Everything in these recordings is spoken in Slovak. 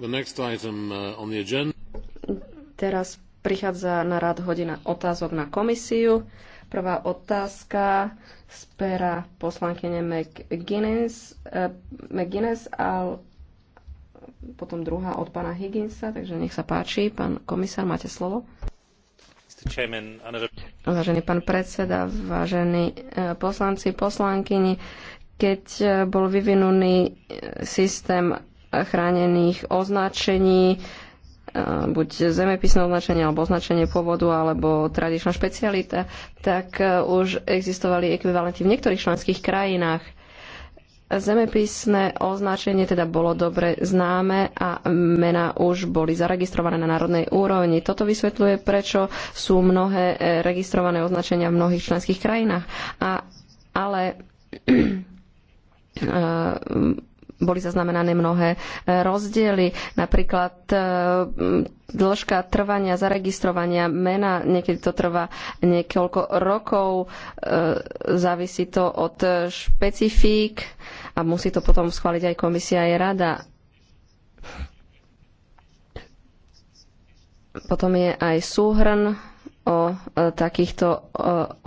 Uh, Teraz prichádza na rád hodina otázok na komisiu. Prvá otázka z pera poslankyne McGuinness, uh, McGuinness a potom druhá od pána Higginsa, takže nech sa páči. Pán komisár, máte slovo. Vážený pán predseda, vážení eh, poslanci, poslankyni, keď eh, bol vyvinutý systém chránených označení, e, buď zemepisné označenie alebo označenie pôvodu alebo tradičná špecialita, tak e, už existovali ekvivalenty v niektorých členských krajinách. Zemepisné označenie teda bolo dobre známe a mená už boli zaregistrované na národnej úrovni. Toto vysvetľuje, prečo sú mnohé e, registrované označenia v mnohých členských krajinách. A, ale boli zaznamenané mnohé e, rozdiely. Napríklad e, dĺžka trvania, zaregistrovania mena, niekedy to trvá niekoľko rokov, e, závisí to od špecifík a musí to potom schváliť aj komisia aj rada. Potom je aj súhrn o e, takýchto e,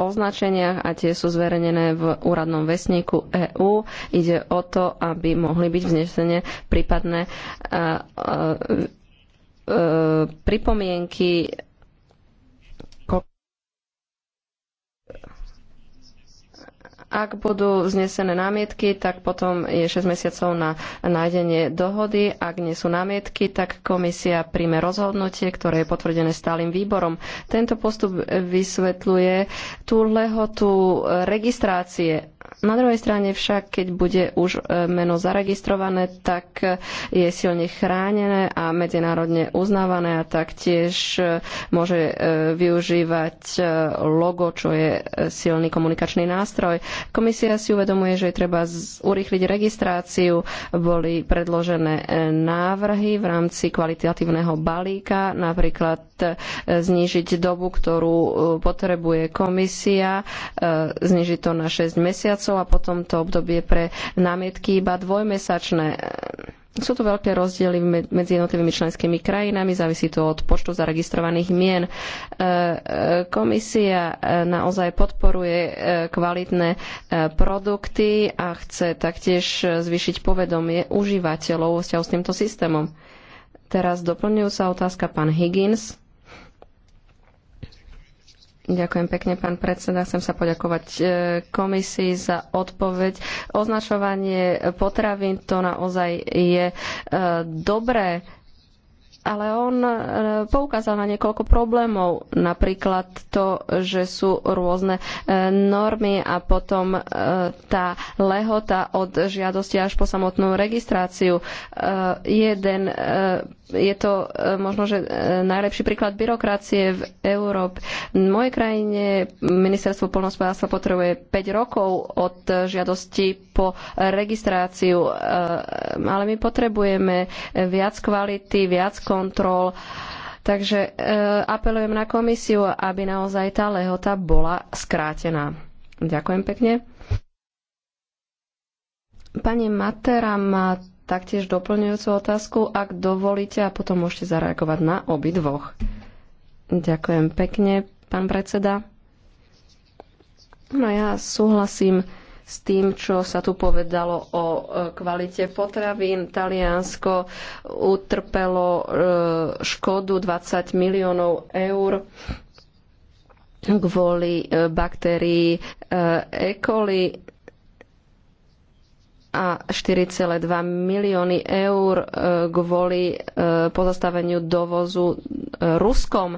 označeniach a tie sú zverejnené v úradnom vesníku EÚ. Ide o to, aby mohli byť vznesené prípadné e, pripomienky Ak budú znesené námietky, tak potom je 6 mesiacov na nájdenie dohody. Ak nie sú námietky, tak komisia príjme rozhodnutie, ktoré je potvrdené stálym výborom. Tento postup vysvetľuje tú lehotu registrácie na druhej strane však, keď bude už e, meno zaregistrované, tak e, je silne chránené a medzinárodne uznávané a taktiež e, môže využívať logo, čo je silný komunikačný nástroj. Komisia si uvedomuje, že je treba urýchliť registráciu. Boli predložené návrhy v rámci kvalitatívneho balíka, napríklad znížiť dobu, ktorú potrebuje komisia, znížiť to na 6 mesiacov mesiacov a potom to obdobie pre námietky iba dvojmesačné. Sú tu veľké rozdiely medzi jednotlivými členskými krajinami, závisí to od počtu zaregistrovaných mien. E, e, komisia e, naozaj podporuje kvalitné produkty a chce taktiež zvýšiť povedomie užívateľov vzťahu s týmto systémom. Teraz doplňujúca otázka pán Higgins. Ďakujem pekne, pán predseda. Chcem sa poďakovať e, komisii za odpoveď. Označovanie potravín to naozaj je e, dobré ale on e, poukázal na niekoľko problémov, napríklad to, že sú rôzne e, normy a potom e, tá lehota od žiadosti až po samotnú registráciu. Jeden je to možno, že najlepší príklad byrokracie v Európe. V mojej krajine ministerstvo polnospodárstva potrebuje 5 rokov od žiadosti po registráciu. E, ale my potrebujeme viac kvality, viac kontrol. Takže e, apelujem na komisiu, aby naozaj tá lehota bola skrátená. Ďakujem pekne. Pani Matera má taktiež doplňujúcu otázku, ak dovolíte, a potom môžete zareagovať na obidvoch. Ďakujem pekne, pán predseda. No ja súhlasím s tým, čo sa tu povedalo o e, kvalite potravín. Taliansko utrpelo e, škodu 20 miliónov eur kvôli e, baktérii E. coli a 4,2 milióny eur kvôli pozastaveniu dovozu Ruskom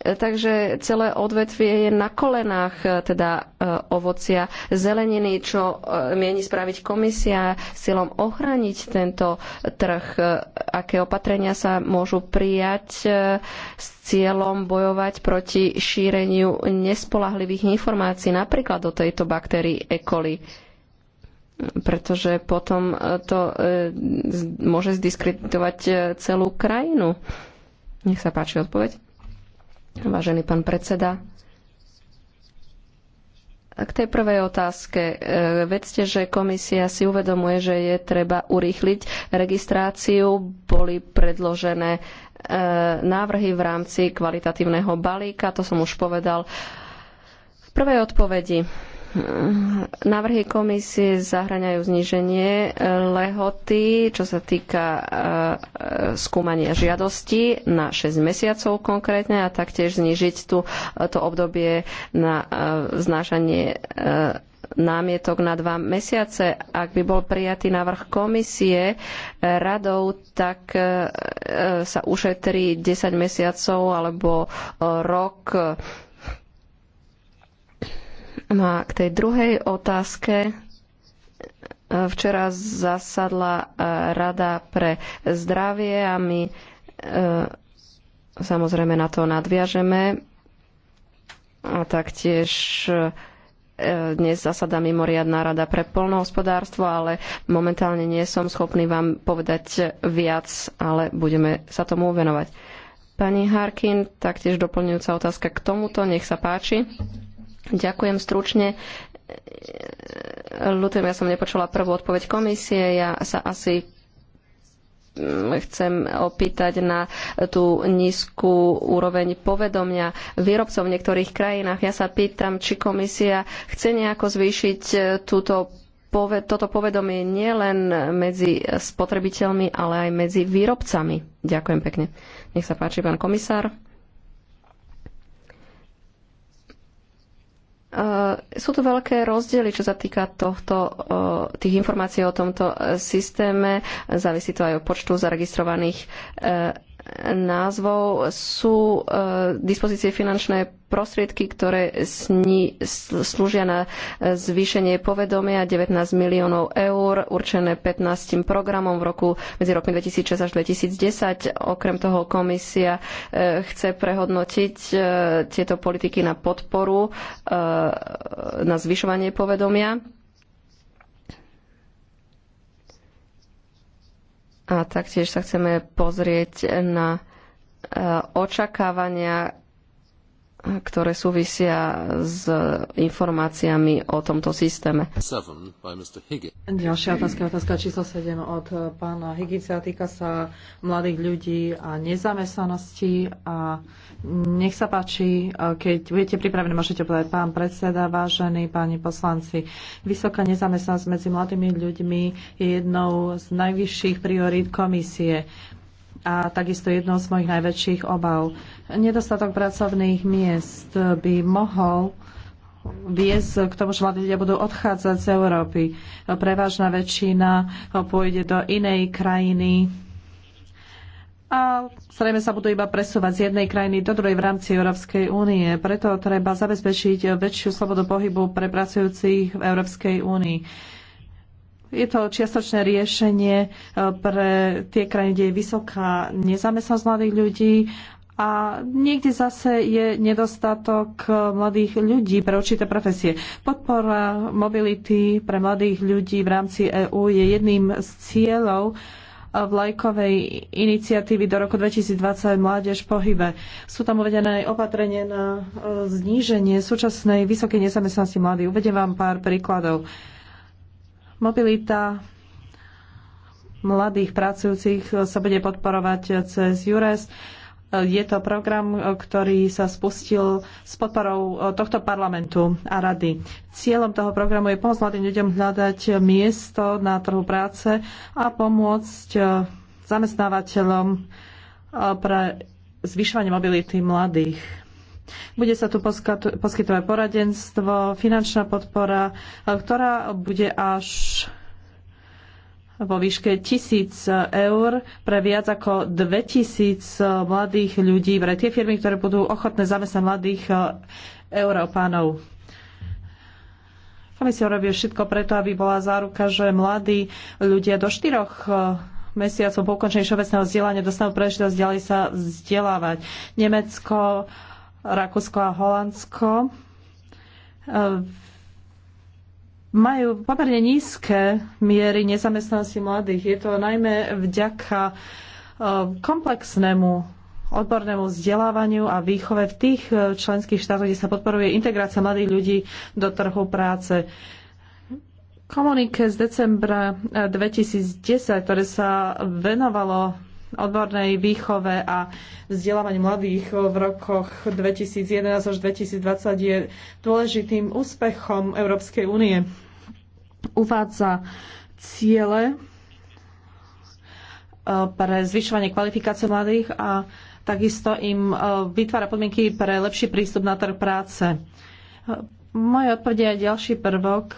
Takže celé odvetvie je na kolenách e, teda e, ovocia, zeleniny, čo e, mieni spraviť komisia s cieľom ochraniť tento trh, aké opatrenia sa môžu prijať s cieľom bojovať proti šíreniu nespolahlivých informácií, napríklad o tejto baktérii E. coli pretože potom to môže zdiskreditovať celú krajinu. Nech sa páči odpoveď. Vážený pán predseda, k tej prvej otázke. E, vedzte, že komisia si uvedomuje, že je treba urýchliť registráciu. Boli predložené e, návrhy v rámci kvalitatívneho balíka, to som už povedal v prvej odpovedi. Návrhy komisie zahraňajú zníženie eh, lehoty, čo sa týka eh, skúmania žiadosti na 6 mesiacov konkrétne a taktiež znížiť tu eh, to obdobie na znášanie námietok na dva mesiace. Ak by bol prijatý návrh komisie radou, tak sa ušetrí 10 mesiacov alebo rok No a k tej druhej otázke včera zasadla e, Rada pre zdravie a my e, samozrejme na to nadviažeme. A taktiež e, dnes zasada mimoriadná rada pre polnohospodárstvo, ale momentálne nie som schopný vám povedať viac, ale budeme sa tomu venovať. Pani Harkin, taktiež doplňujúca otázka k tomuto, nech sa páči. Ďakujem stručne. Ľutujem, ja som nepočula prvú odpoveď komisie. Ja sa asi mm, chcem opýtať na tú nízku úroveň povedomia výrobcov v niektorých krajinách. Ja sa pýtam, či komisia chce nejako zvýšiť e, túto toto povedomie nielen medzi spotrebiteľmi, ale aj medzi výrobcami. Ďakujem pekne. Nech sa páči, pán komisár. Eh, sú tu veľké rozdiely, čo sa týka tohto, eh, tých informácií o tomto systéme. Závisí to aj od počtu zaregistrovaných eh, názvov sú k eh, dispozícii finančné prostriedky, ktoré sni, slúžia na eh, zvýšenie povedomia 19 miliónov eur, určené 15 programom v roku medzi rokmi 2006 až 2010. Okrem toho komisia eh, chce prehodnotiť tieto politiky na podporu, na zvyšovanie povedomia A taktiež sa chceme pozrieť na e, očakávania ktoré súvisia s informáciami o tomto systéme. Ďalšia otázka, otázka číslo 7 od pána Higgica. Týka sa mladých ľudí a nezamestnanosti. A nech sa páči, keď budete pripravení, môžete povedať pán predseda, vážení páni poslanci. Vysoká nezamestnanosť medzi mladými ľuďmi je jednou z najvyšších priorít komisie a takisto jednou z mojich najväčších obav. Nedostatok pracovných miest by mohol viesť k tomu, že mladí ľudia budú odchádzať z Európy. Prevažná väčšina pôjde do inej krajiny a zrejme sa budú iba presúvať z jednej krajiny do druhej v rámci Európskej únie. Preto treba zabezpečiť väčšiu slobodu pohybu pre pracujúcich v Európskej únii je to čiastočné riešenie e, pre tie krajiny, kde je vysoká nezamestnanosť mladých ľudí a niekde zase je nedostatok e, mladých ľudí pre určité profesie. Podpora mobility pre mladých ľudí v rámci EÚ je jedným z cieľov e, vlajkovej iniciatívy do roku 2020 Mládež pohybe. Sú tam uvedené opatrenie na zníženie súčasnej vysokej nezamestnanosti mladých. Uvedem vám pár príkladov Mobilita mladých pracujúcich sa bude podporovať cez Jures. Je to program, ktorý sa spustil s podporou tohto parlamentu a rady. Cieľom toho programu je pomôcť mladým ľuďom hľadať miesto na trhu práce a pomôcť zamestnávateľom pre zvyšovanie mobility mladých. Bude sa tu poskytovať poradenstvo, finančná podpora, eh, ktorá bude až vo výške 1000 eur pre viac ako 2000 eh, mladých ľudí, pre tie firmy, ktoré budú ochotné zamestnať mladých eh, Európanov. Komisia robí všetko preto, aby bola záruka, že mladí ľudia do štyroch mesiacov po ukončení všeobecného vzdelania dostanú príležitosť ďalej sa vzdelávať. Nemecko Rakúsko a Holandsko eh, majú pomerne nízke miery nezamestnanosti mladých. Je to najmä vďaka eh, komplexnému odbornému vzdelávaniu a výchove v tých eh, členských štátoch, kde sa podporuje integrácia mladých ľudí do trhu práce. Komunike z decembra 2010, ktoré sa venovalo odbornej výchove a vzdelávaní mladých v rokoch 2011 až 2020 je dôležitým úspechom Európskej únie. Uvádza ciele e, pre zvyšovanie kvalifikácie mladých a takisto im e, vytvára podmienky pre lepší prístup na trh práce. Moje odpovede je ďalší prvok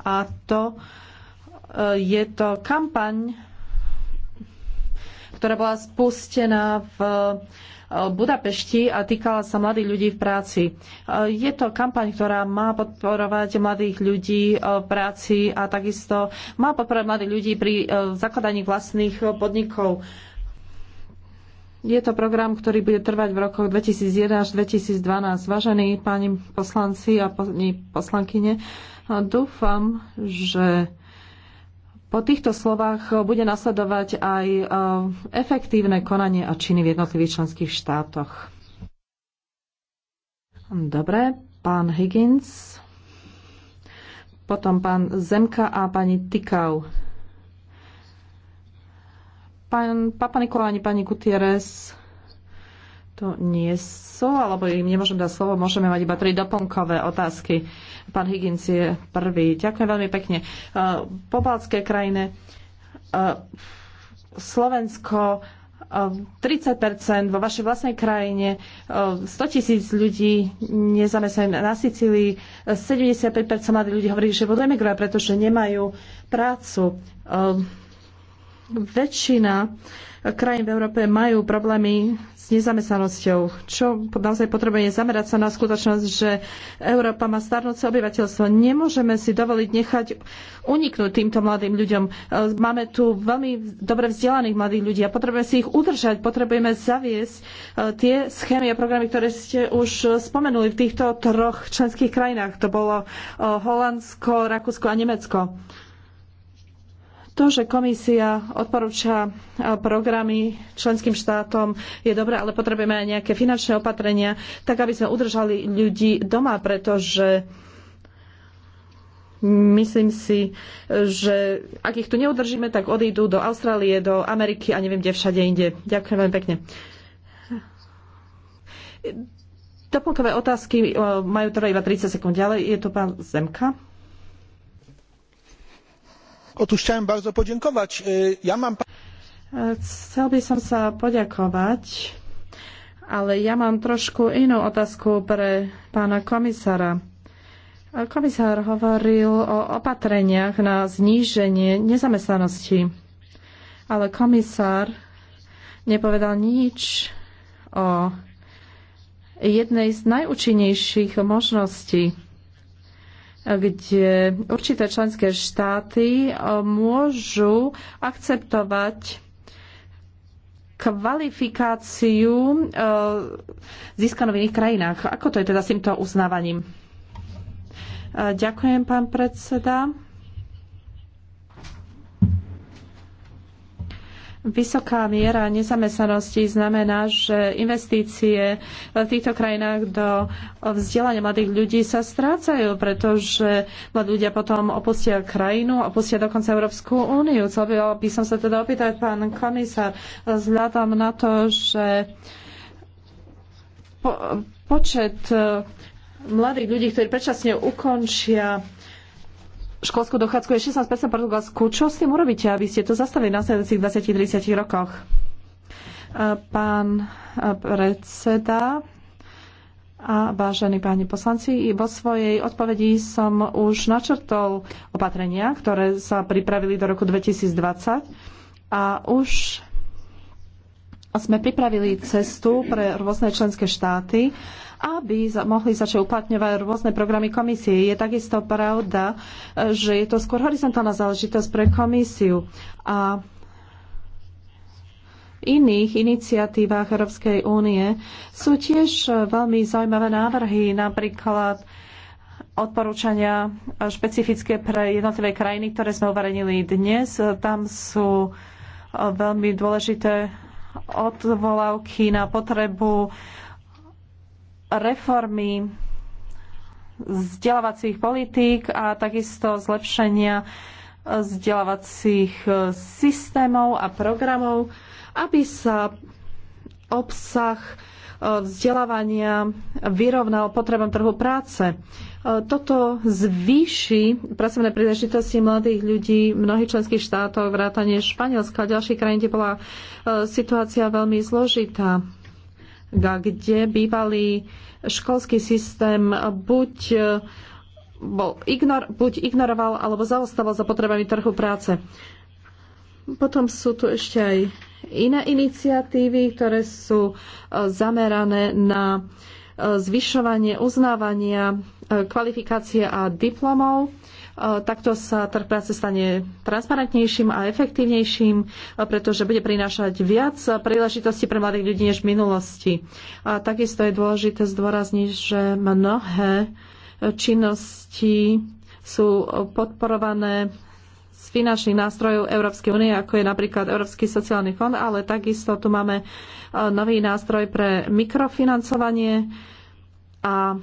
a to e, je to kampaň ktorá bola spustená v eh, Budapešti a týkala sa mladých ľudí v práci. Eh, je to kampaň, ktorá má podporovať mladých ľudí eh, v práci a takisto má podporovať mladých ľudí pri zakladaní vlastných podnikov. Je to program, ktorý bude trvať v rokoch 2001 až 2012. Vážení páni poslanci a pani poslankyne, dúfam, že po týchto slovách eh, bude nasledovať aj eh, efektívne konanie a činy v jednotlivých členských štátoch. Dobre, pán Higgins, potom pán Zemka a pani Tikau. Pán Papa Nikolá ani pani Gutierrez tu nie sú, alebo im nemôžem dať slovo, môžeme mať iba tri doplnkové otázky. Pán Higgins je prvý. Ďakujem veľmi pekne. E, pobaltské krajine Slovensko, 30 e, vo vašej vlastnej krajine, 100 e, tisíc ľudí nezamestnaných na Sicílii, 75 mladých ľudí hovorí, že budú emigrovať, pretože nemajú prácu. Väčšina krajín v Európe majú problémy s nezamestnanosťou. Čo naozaj potrebuje zamerať sa na skutočnosť, že Európa má starnúce obyvateľstvo. Nemôžeme si dovoliť nechať uniknúť týmto mladým ľuďom. Máme tu veľmi dobre vzdelaných mladých ľudí a potrebujeme si ich udržať, potrebujeme zaviesť eh, tie schémy a programy, ktoré ste už spomenuli v týchto troch členských krajinách. To bolo eh, Holandsko, Rakúsko a Nemecko. To, že komisia odporúča e, programy členským štátom je dobré, ale potrebujeme aj nejaké finančné opatrenia, tak aby sme udržali ľudí doma, pretože myslím si, že ak ich tu neudržíme, tak odídu do Austrálie, do Ameriky a neviem, kde všade inde. Ďakujem veľmi pekne. Doplnkové otázky e, majú teda iba 30 sekúnd ďalej. Je to pán Zemka. Otóż chciałem bardzo podziękować. Ja Chcel by som sa poďakovať, ale ja mám trošku inú otázku pre pána komisára. E, komisár hovoril o opatreniach na zníženie nezamestnanosti, ale komisár nepovedal nič o jednej z najúčinnejších možností kde určité členské štáty eh, môžu akceptovať kvalifikáciu eh, získanú v iných krajinách. Ako to je teda s týmto uznávaním? Eh, ďakujem, pán predseda. Vysoká miera nezamestnanosti znamená, že investície v týchto krajinách do vzdelania mladých ľudí sa strácajú, pretože mladí ľudia potom opustia krajinu, opustia dokonca Európsku úniu. Chcel by som sa teda opýtať, pán komisár, vzhľadom na to, že po, počet eh, mladých ľudí, ktorí predčasne ukončia školskú dochádzku je 16% Portugalsku. Čo s tým urobíte, aby ste to zastavili na sledujúcich 20-30 rokoch? Pán predseda a vážení páni poslanci, vo svojej odpovedi som už načrtol opatrenia, ktoré sa pripravili do roku 2020 a už sme pripravili cestu pre rôzne členské štáty, aby mohli začať uplatňovať rôzne programy komisie. Je takisto pravda, že je to skôr horizontálna záležitosť pre komisiu. A iných iniciatívach Európskej únie sú tiež veľmi zaujímavé návrhy, napríklad odporúčania špecifické pre jednotlivé krajiny, ktoré sme uverejnili dnes. Tam sú veľmi dôležité odvolávky na potrebu reformy vzdelávacích politík a takisto zlepšenia vzdelávacích e, systémov a programov, aby sa obsah e, vzdelávania vyrovnal potrebom trhu práce. E, toto zvýši pracovné príležitosti mladých ľudí v mnohých členských štátoch, vrátane Španielska a ďalších krajín, kde bola situácia veľmi zložitá kde bývalý školský systém buď bol ignor, buď ignoroval alebo zaostával za potrebami trhu práce. Potom sú tu ešte aj iné iniciatívy, ktoré sú e, zamerané na e, zvyšovanie uznávania e, kvalifikácie a diplomov. E, takto sa trh práce stane transparentnejším a efektívnejším, e, pretože bude prinášať viac príležitostí pre mladých ľudí než v minulosti. A takisto je dôležité zdôrazniť, že mnohé činnosti sú podporované z finančných nástrojov Európskej únie, ako je napríklad Európsky sociálny fond, ale takisto tu máme e, nový nástroj pre mikrofinancovanie a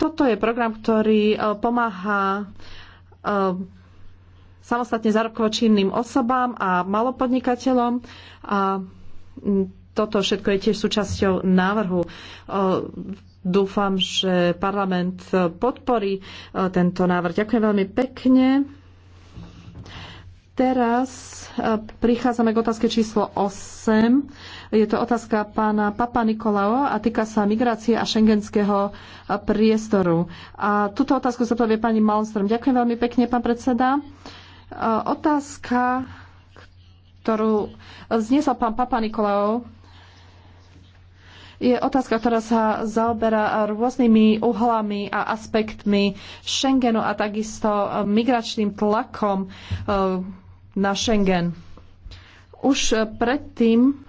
Toto je program, ktorý e, pomáha e, samostatne zárobkovočinným osobám a malopodnikateľom. A toto všetko je tiež súčasťou návrhu. E, dúfam, že parlament podporí tento návrh. Ďakujem veľmi pekne. Teraz prichádzame k otázke číslo 8 je to otázka pána Papa Nikolao a týka sa migrácie a šengenského priestoru. A túto otázku sa povie pani Malmström. Ďakujem veľmi pekne, pán predseda. Otázka, ktorú zniesol pán Papa Nikolao, je otázka, ktorá sa zaoberá rôznymi uhlami a aspektmi Schengenu a takisto migračným tlakom eh, na Schengen. Už predtým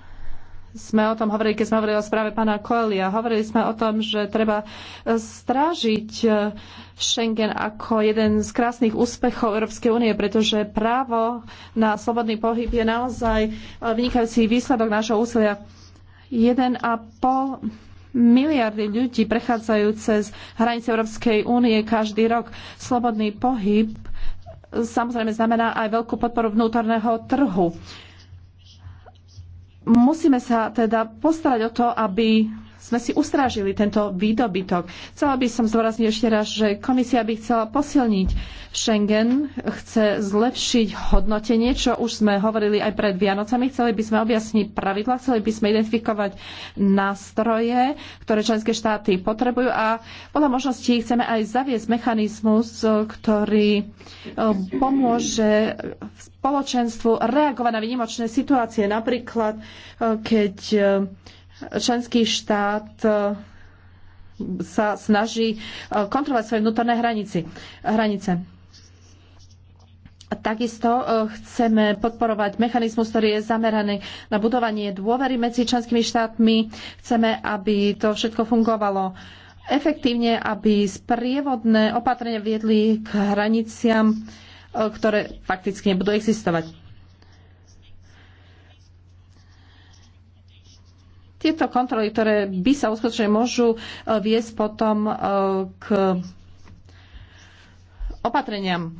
sme o tom hovorili, keď sme hovorili o správe pána Koelia. Hovorili sme o tom, že treba strážiť e, Schengen ako jeden z krásnych úspechov Európskej únie, pretože právo na slobodný pohyb je naozaj e, vynikajúci výsledok nášho úsilia. 1,5 miliardy ľudí prechádzajú cez hranice Európskej únie každý rok. Slobodný pohyb samozrejme znamená aj veľkú podporu vnútorného trhu. Musíme sa teda postarať o to, aby sme si ustrážili tento výdobytok. Chcela by som zdôrazniť ešte raz, že komisia by chcela posilniť Schengen, chce zlepšiť hodnotenie, čo už sme hovorili aj pred Vianocami. Chceli by sme objasniť pravidla, chceli by sme identifikovať nástroje, ktoré členské štáty potrebujú a podľa možností chceme aj zaviesť mechanizmus, ktorý e, pomôže spoločenstvu reagovať na výnimočné situácie. Napríklad, e, keď e, členský štát e, sa snaží e, kontrolovať svoje vnútorné hranici, hranice. Takisto e, chceme podporovať mechanizmus, ktorý je zameraný na budovanie dôvery medzi členskými štátmi. Chceme, aby to všetko fungovalo efektívne, aby sprievodné opatrenia viedli k hraniciam, ktoré fakticky nebudú existovať. Tieto kontroly, ktoré by sa uskutočne môžu e, viesť potom e, k opatreniam.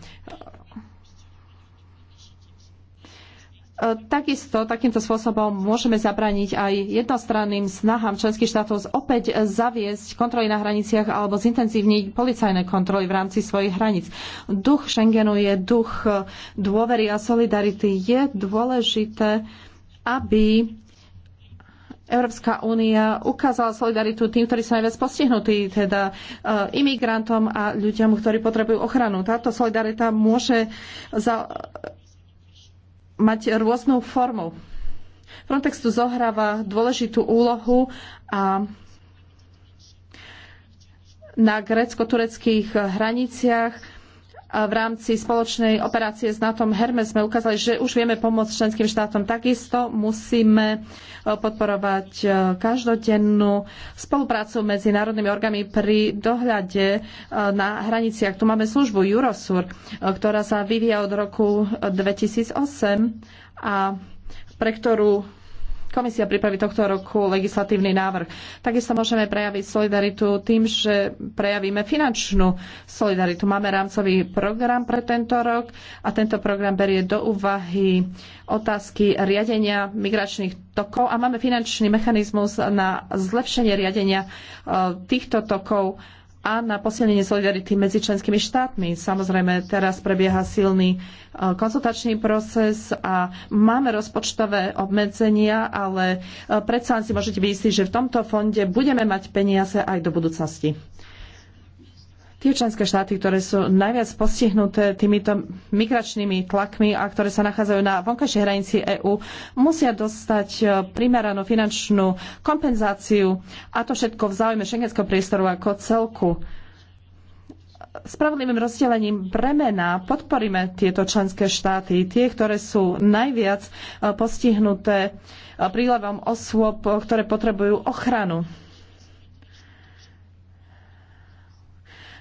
E, takisto takýmto spôsobom môžeme zabrániť aj jednostranným snahám členských štátov opäť zaviesť kontroly na hraniciach alebo zintenzívniť policajné kontroly v rámci svojich hraníc. Duch Schengenu je duch dôvery a solidarity. Je dôležité, aby Európska únia ukázala solidaritu tým, ktorí sú najviac postihnutí, teda eh, imigrantom a ľuďom, ktorí potrebujú ochranu. Táto solidarita môže za, mať rôznu formu. Frontex tu zohráva dôležitú úlohu a na grecko tureckých hraniciach v rámci spoločnej operácie s NATO Hermes sme ukázali, že už vieme pomôcť členským štátom. Takisto musíme e, podporovať e, každodennú spoluprácu medzi národnými orgánmi pri dohľade e, na hraniciach. Tu máme službu Eurosur, ktorá sa vyvíja od roku 2008 a pre ktorú Komisia pripraví tohto roku legislatívny návrh. Takisto môžeme prejaviť solidaritu tým, že prejavíme finančnú solidaritu. Máme rámcový program pre tento rok a tento program berie do úvahy otázky riadenia migračných tokov a máme finančný mechanizmus na zlepšenie riadenia e, týchto tokov a na posilnenie solidarity medzi členskými štátmi. Samozrejme, teraz prebieha silný e, konzultačný proces a máme rozpočtové obmedzenia, ale e, predsa si môžete byť že v tomto fonde budeme mať peniaze aj do budúcnosti tie členské štáty, ktoré sú najviac postihnuté týmito migračnými tlakmi a ktoré sa nachádzajú na vonkajšej hranici EÚ, musia dostať e, primeranú finančnú kompenzáciu a to všetko v záujme šengenského priestoru ako celku spravodlivým rozdelením bremena podporíme tieto členské štáty, tie, ktoré sú najviac e, postihnuté e, prílevom osôb, ktoré potrebujú ochranu.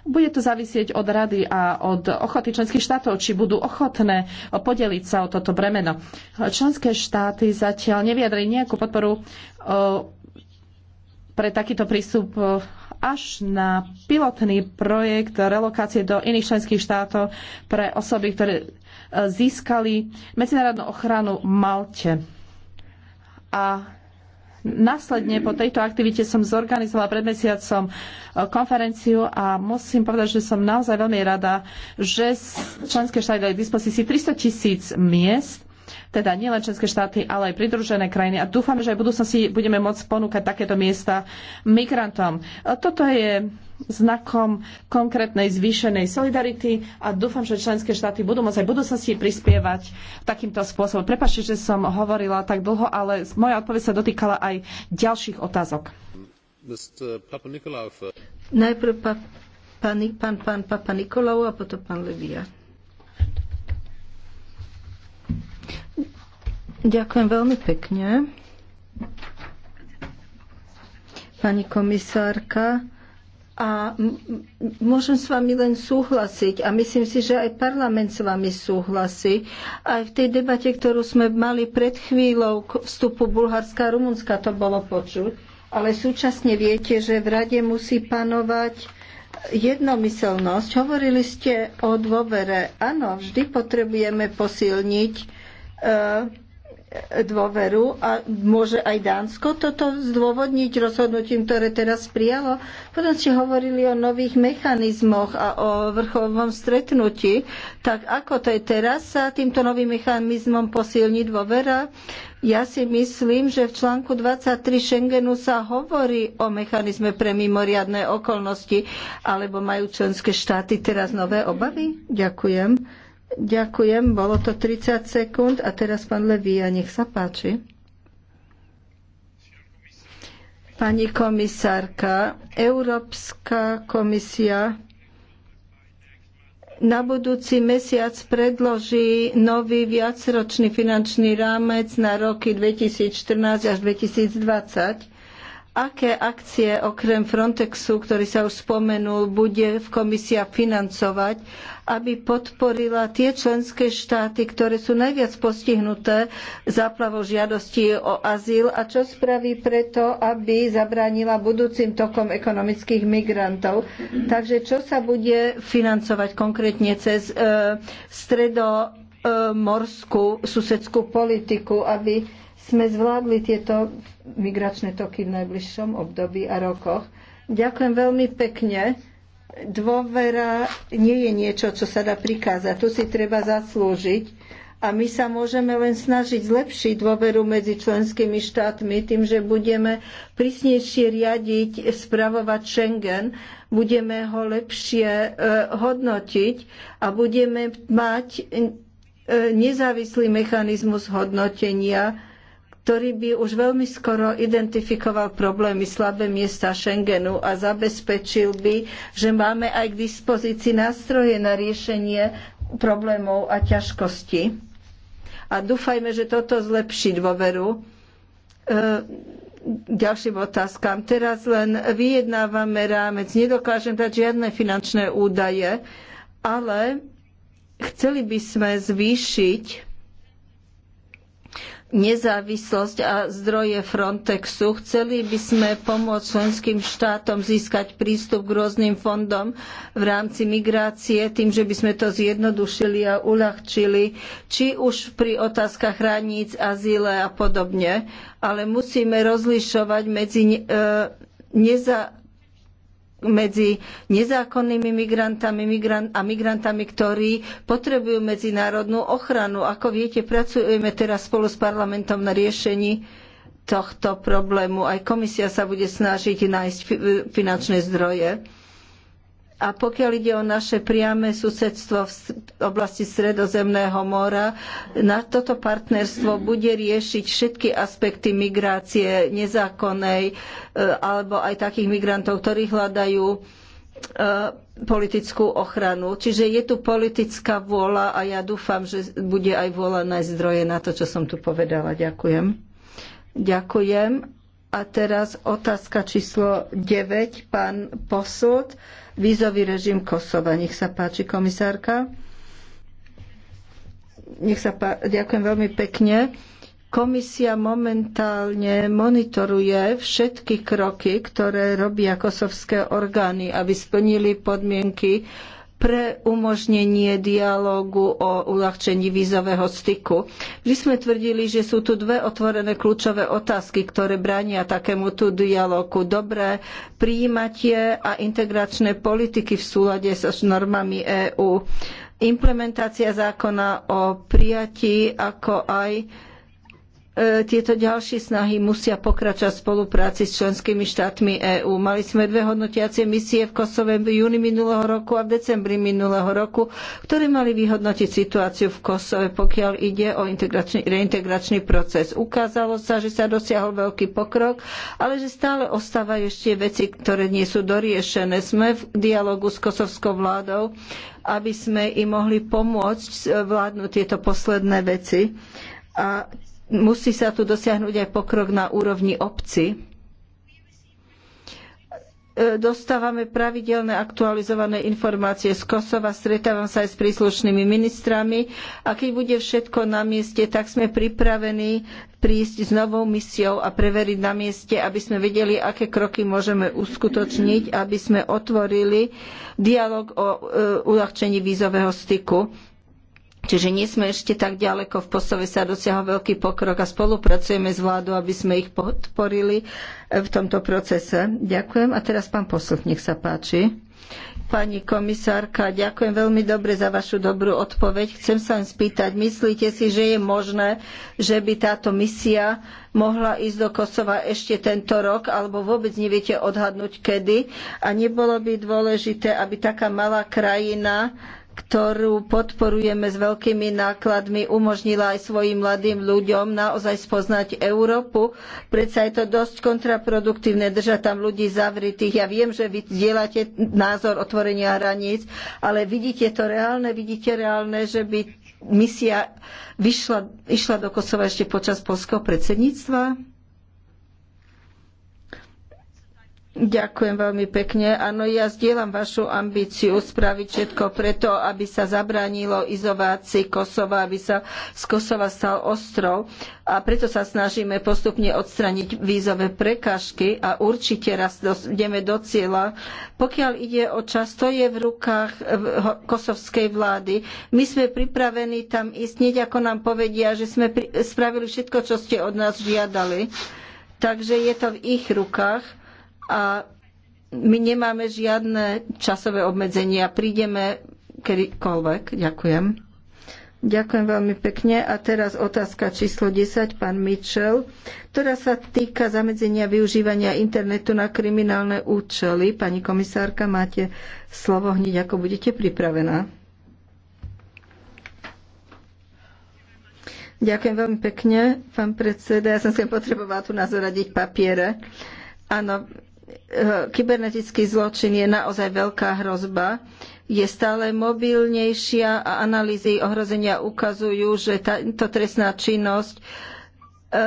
Bude to závisieť od rady a od ochoty členských štátov, či budú ochotné podeliť sa o toto bremeno. Členské štáty zatiaľ nevyjadrili nejakú podporu e, pre takýto prístup e, až na pilotný projekt relokácie do iných členských štátov pre osoby, ktoré e, získali medzinárodnú ochranu Malte. A Následne po tejto aktivite som zorganizovala pred mesiacom e, konferenciu a musím povedať, že som naozaj veľmi rada, že členské štáty dali k dispozícii 300 tisíc miest teda nielen členské štáty, ale aj pridružené krajiny. A dúfam, že aj v budúcnosti budeme môcť ponúkať takéto miesta migrantom. E, toto je znakom konkrétnej zvýšenej solidarity a dúfam, že členské štáty budú môcť aj budúcnosti prispievať takýmto spôsobom. Prepašte, že som hovorila tak dlho, ale moja odpoveď sa dotýkala aj ďalších otázok. Najprv pa, pán, pán, pán Papa Nikolau a potom pán Levia. Ďakujem veľmi pekne. Pani komisárka, a môžem s vami len súhlasiť a myslím si, že aj parlament s vami súhlasí. Aj v tej debate, ktorú sme mali pred chvíľou k vstupu Bulharska a Rumunska, to bolo počuť. Ale súčasne viete, že v rade musí panovať jednomyselnosť. Hovorili ste o dôvere. Áno, vždy potrebujeme posilniť uh, dôveru a môže aj Dánsko toto zdôvodniť rozhodnutím, ktoré teraz prijalo. Potom ste hovorili o nových mechanizmoch a o vrchovom stretnutí. Tak ako to je teraz sa týmto novým mechanizmom posilní dôvera? Ja si myslím, že v článku 23 Schengenu sa hovorí o mechanizme pre mimoriadné okolnosti, alebo majú členské štáty teraz nové obavy? Ďakujem. Ďakujem, bolo to 30 sekúnd a teraz pán Levia, nech sa páči. Pani komisárka, Európska komisia na budúci mesiac predloží nový viacročný finančný rámec na roky 2014 až 2020 aké akcie okrem Frontexu, ktorý sa už spomenul, bude komisia financovať, aby podporila tie členské štáty, ktoré sú najviac postihnuté záplavou žiadostí o azyl a čo spraví preto, aby zabránila budúcim tokom ekonomických migrantov. Takže čo sa bude financovať konkrétne cez e, stredomorskú susedskú politiku, aby sme zvládli tieto migračné toky v najbližšom období a rokoch. Ďakujem veľmi pekne. Dôvera nie je niečo, čo sa dá prikázať. Tu si treba zaslúžiť. A my sa môžeme len snažiť zlepšiť dôveru medzi členskými štátmi tým, že budeme prísnejšie riadiť, spravovať Schengen, budeme ho lepšie e, hodnotiť a budeme mať e, nezávislý mechanizmus hodnotenia ktorý by už veľmi skoro identifikoval problémy slabé miesta Schengenu a zabezpečil by, že máme aj k dispozícii nástroje na riešenie problémov a ťažkostí, A dúfajme, že toto zlepší dôveru. E ďalším otázkam. Teraz len vyjednávame rámec. Nedokážem dať žiadne finančné údaje, ale chceli by sme zvýšiť nezávislosť a zdroje Frontexu. Chceli by sme pomôcť členským štátom získať prístup k rôznym fondom v rámci migrácie tým, že by sme to zjednodušili a uľahčili, či už pri otázkach hraníc, azyle a podobne. Ale musíme rozlišovať medzi e, neza medzi nezákonnými migrantami a migrantami, ktorí potrebujú medzinárodnú ochranu. Ako viete, pracujeme teraz spolu s parlamentom na riešení tohto problému. Aj komisia sa bude snažiť nájsť finančné zdroje. A pokiaľ ide o naše priame susedstvo v oblasti Stredozemného mora, na toto partnerstvo bude riešiť všetky aspekty migrácie nezákonnej e, alebo aj takých migrantov, ktorí hľadajú e, politickú ochranu. Čiže je tu politická vôľa a ja dúfam, že bude aj vôľa nájsť zdroje na to, čo som tu povedala. Ďakujem. Ďakujem. A teraz otázka číslo 9, pán Posud vízový režim Kosova. Nech sa páči, komisárka. Nech sa pá... Ďakujem veľmi pekne. Komisia momentálne monitoruje všetky kroky, ktoré robia kosovské orgány, aby splnili podmienky uh, pre umožnenie dialógu o uľahčení vízového styku. Vždy sme tvrdili, že sú tu dve otvorené kľúčové otázky, ktoré bránia tu dialógu. Dobré príjimatie a integračné politiky v súlade s normami EÚ. Implementácia zákona o prijatí, ako aj E, tieto ďalšie snahy musia pokračovať v spolupráci s členskými štátmi EÚ. Mali sme dve hodnotiacie misie v Kosove v júni minulého roku a v decembri minulého roku, ktoré mali vyhodnotiť situáciu v Kosove, pokiaľ ide o reintegračný proces. Ukázalo sa, že sa dosiahol veľký pokrok, ale že stále ostávajú ešte veci, ktoré nie sú doriešené. Sme v dialogu s kosovskou vládou, aby sme im mohli pomôcť vládnuť tieto posledné veci. A musí sa tu dosiahnuť aj pokrok na úrovni obci. E, dostávame pravidelné aktualizované informácie z Kosova, stretávam sa aj s príslušnými ministrami a keď bude všetko na mieste, tak sme pripravení prísť s novou misiou a preveriť na mieste, aby sme vedeli, aké kroky môžeme uskutočniť, aby sme otvorili dialog o e, uľahčení vízového styku Čiže nie sme ešte tak ďaleko, v Kosove sa dosiahol veľký pokrok a spolupracujeme s vládou, aby sme ich podporili e, v tomto procese. Ďakujem. A teraz pán posluch, nech sa páči. Pani komisárka, ďakujem veľmi dobre za vašu dobrú odpoveď. Chcem sa vám spýtať, myslíte si, že je možné, že by táto misia mohla ísť do Kosova ešte tento rok, alebo vôbec neviete odhadnúť kedy? A nebolo by dôležité, aby taká malá krajina ktorú podporujeme s veľkými nákladmi, umožnila aj svojim mladým ľuďom naozaj spoznať Európu. Predsa je to dosť kontraproduktívne držať tam ľudí zavritých. Ja viem, že vy dielate názor otvorenia hraníc, ale vidíte to reálne, vidíte reálne, že by misia vyšla, išla do Kosova ešte počas polského predsedníctva? Ďakujem veľmi pekne. Áno, ja zdieľam vašu ambíciu spraviť všetko preto, aby sa zabránilo izolácii Kosova, aby sa z Kosova stal ostrov. A preto sa snažíme postupne odstraniť vízové prekážky a určite raz ideme do cieľa. Pokiaľ ide o čas, to je v rukách kosovskej vlády. My sme pripravení tam ísť, hneď ako nám povedia, že sme spravili všetko, čo ste od nás žiadali. Takže je to v ich rukách a my nemáme žiadne časové obmedzenia. Prídeme kedykoľvek. Ďakujem. Ďakujem veľmi pekne. A teraz otázka číslo 10, pán Mitchell, ktorá sa týka zamedzenia využívania internetu na kriminálne účely. Pani komisárka, máte slovo hneď, ako budete pripravená. Ďakujem veľmi pekne, pán predseda. Ja som si potrebovala tu nazoradiť papiere. Áno, Eh, kybernetický zločin je naozaj veľká hrozba. Je stále mobilnejšia a analýzy ohrozenia ukazujú, že táto trestná činnosť E,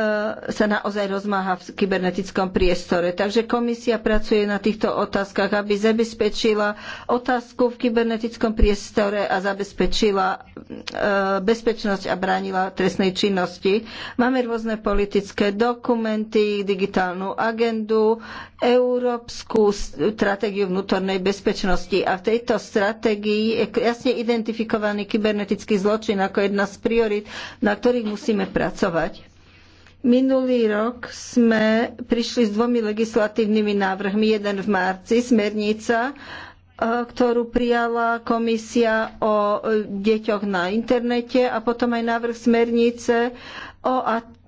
sa naozaj rozmáha v kybernetickom priestore. Takže komisia pracuje na týchto otázkach, aby zabezpečila otázku v kybernetickom priestore a zabezpečila e, bezpečnosť a bránila trestnej činnosti. Máme rôzne politické dokumenty, digitálnu agendu, európsku stratégiu vnútornej bezpečnosti. A v tejto stratégii je jasne identifikovaný kybernetický zločin ako jedna z priorit, na ktorých musíme pracovať. Minulý rok sme prišli s dvomi legislatívnymi návrhmi. Jeden v marci, smernica, e, ktorú prijala komisia o deťoch na internete a potom aj návrh smernice o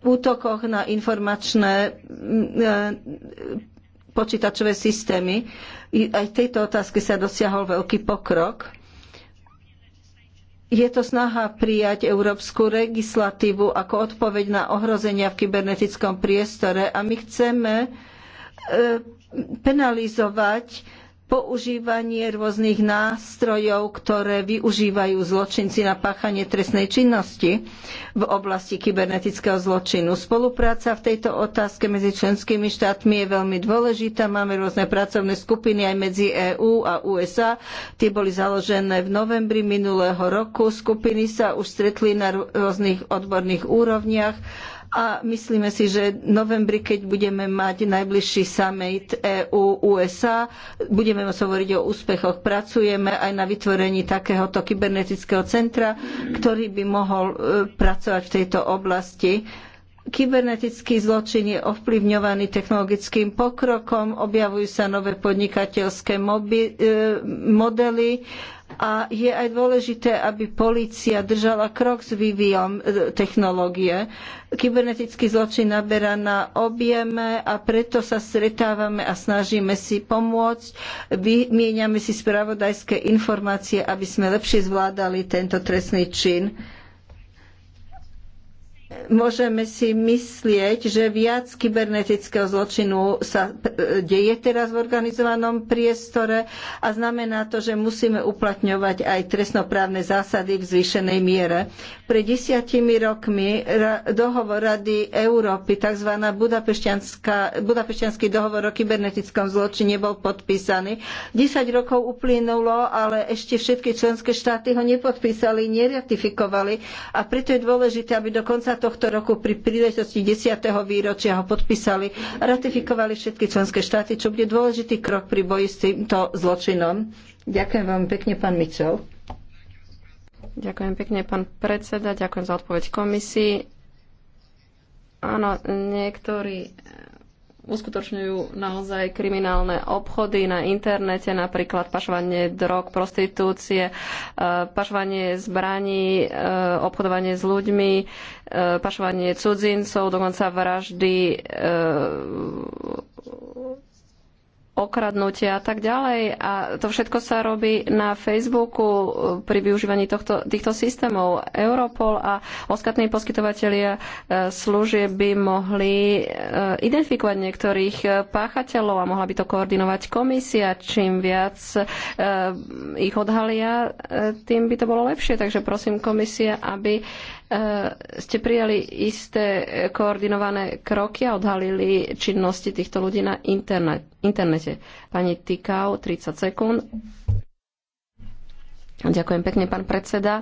útokoch na informačné e, počítačové systémy. Aj v tejto otázke sa dosiahol veľký pokrok. Je to snaha prijať európsku legislatívu ako odpoveď na ohrozenia v kybernetickom priestore a my chceme e, penalizovať používanie rôznych nástrojov, ktoré využívajú zločinci na páchanie trestnej činnosti v oblasti kybernetického zločinu. Spolupráca v tejto otázke medzi členskými štátmi je veľmi dôležitá. Máme rôzne pracovné skupiny aj medzi EÚ a USA. Tie boli založené v novembri minulého roku. Skupiny sa už stretli na rôznych odborných úrovniach a myslíme si, že v novembri, keď budeme mať najbližší summit EU-USA, budeme môcť hovoriť o úspechoch. Pracujeme aj na vytvorení takéhoto kybernetického centra, ktorý by mohol e, pracovať v tejto oblasti. Kybernetický zločin je ovplyvňovaný technologickým pokrokom, objavujú sa nové podnikateľské e, modely, a je aj dôležité, aby polícia držala krok s vývojom e, technológie. Kybernetický zločin naberá na objeme a preto sa stretávame a snažíme si pomôcť. Vymieňame si spravodajské informácie, aby sme lepšie zvládali tento trestný čin môžeme si myslieť, že viac kybernetického zločinu sa e, deje teraz v organizovanom priestore a znamená to, že musíme uplatňovať aj trestnoprávne zásady v zvýšenej miere. Pred desiatimi rokmi dohovor Rady Európy, tzv. budapešťanský dohovor o kybernetickom zločine bol podpísaný. Desať rokov uplynulo, ale ešte všetky členské štáty ho nepodpísali, neratifikovali a preto je dôležité, aby do konca tohto roku pri príležitosti 10. výročia ho podpísali a ratifikovali všetky členské štáty, čo bude dôležitý krok pri boji s týmto zločinom. Ďakujem vám pekne, pán Mičov. Ďakujem pekne, pán predseda. Ďakujem za odpoveď komisii. Áno, niektorí uskutočňujú naozaj kriminálne obchody na internete, napríklad pašovanie drog, prostitúcie, e, pašovanie zbraní, e, obchodovanie s ľuďmi, e, pašovanie cudzincov, dokonca vraždy okradnutia a tak ďalej. A to všetko sa robí na Facebooku eh, pri využívaní tohto, týchto systémov. Europol a ostatní poskytovateľia eh, služieb by mohli eh, identifikovať niektorých páchateľov a mohla by to koordinovať komisia. Čím viac ich odhalia, tým by to bolo lepšie. Takže prosím komisia, aby Eh, ste prijali isté koordinované kroky a odhalili činnosti týchto ľudí na internete. Pani Tikau, 30 sekúnd. Ďakujem pekne, pán predseda.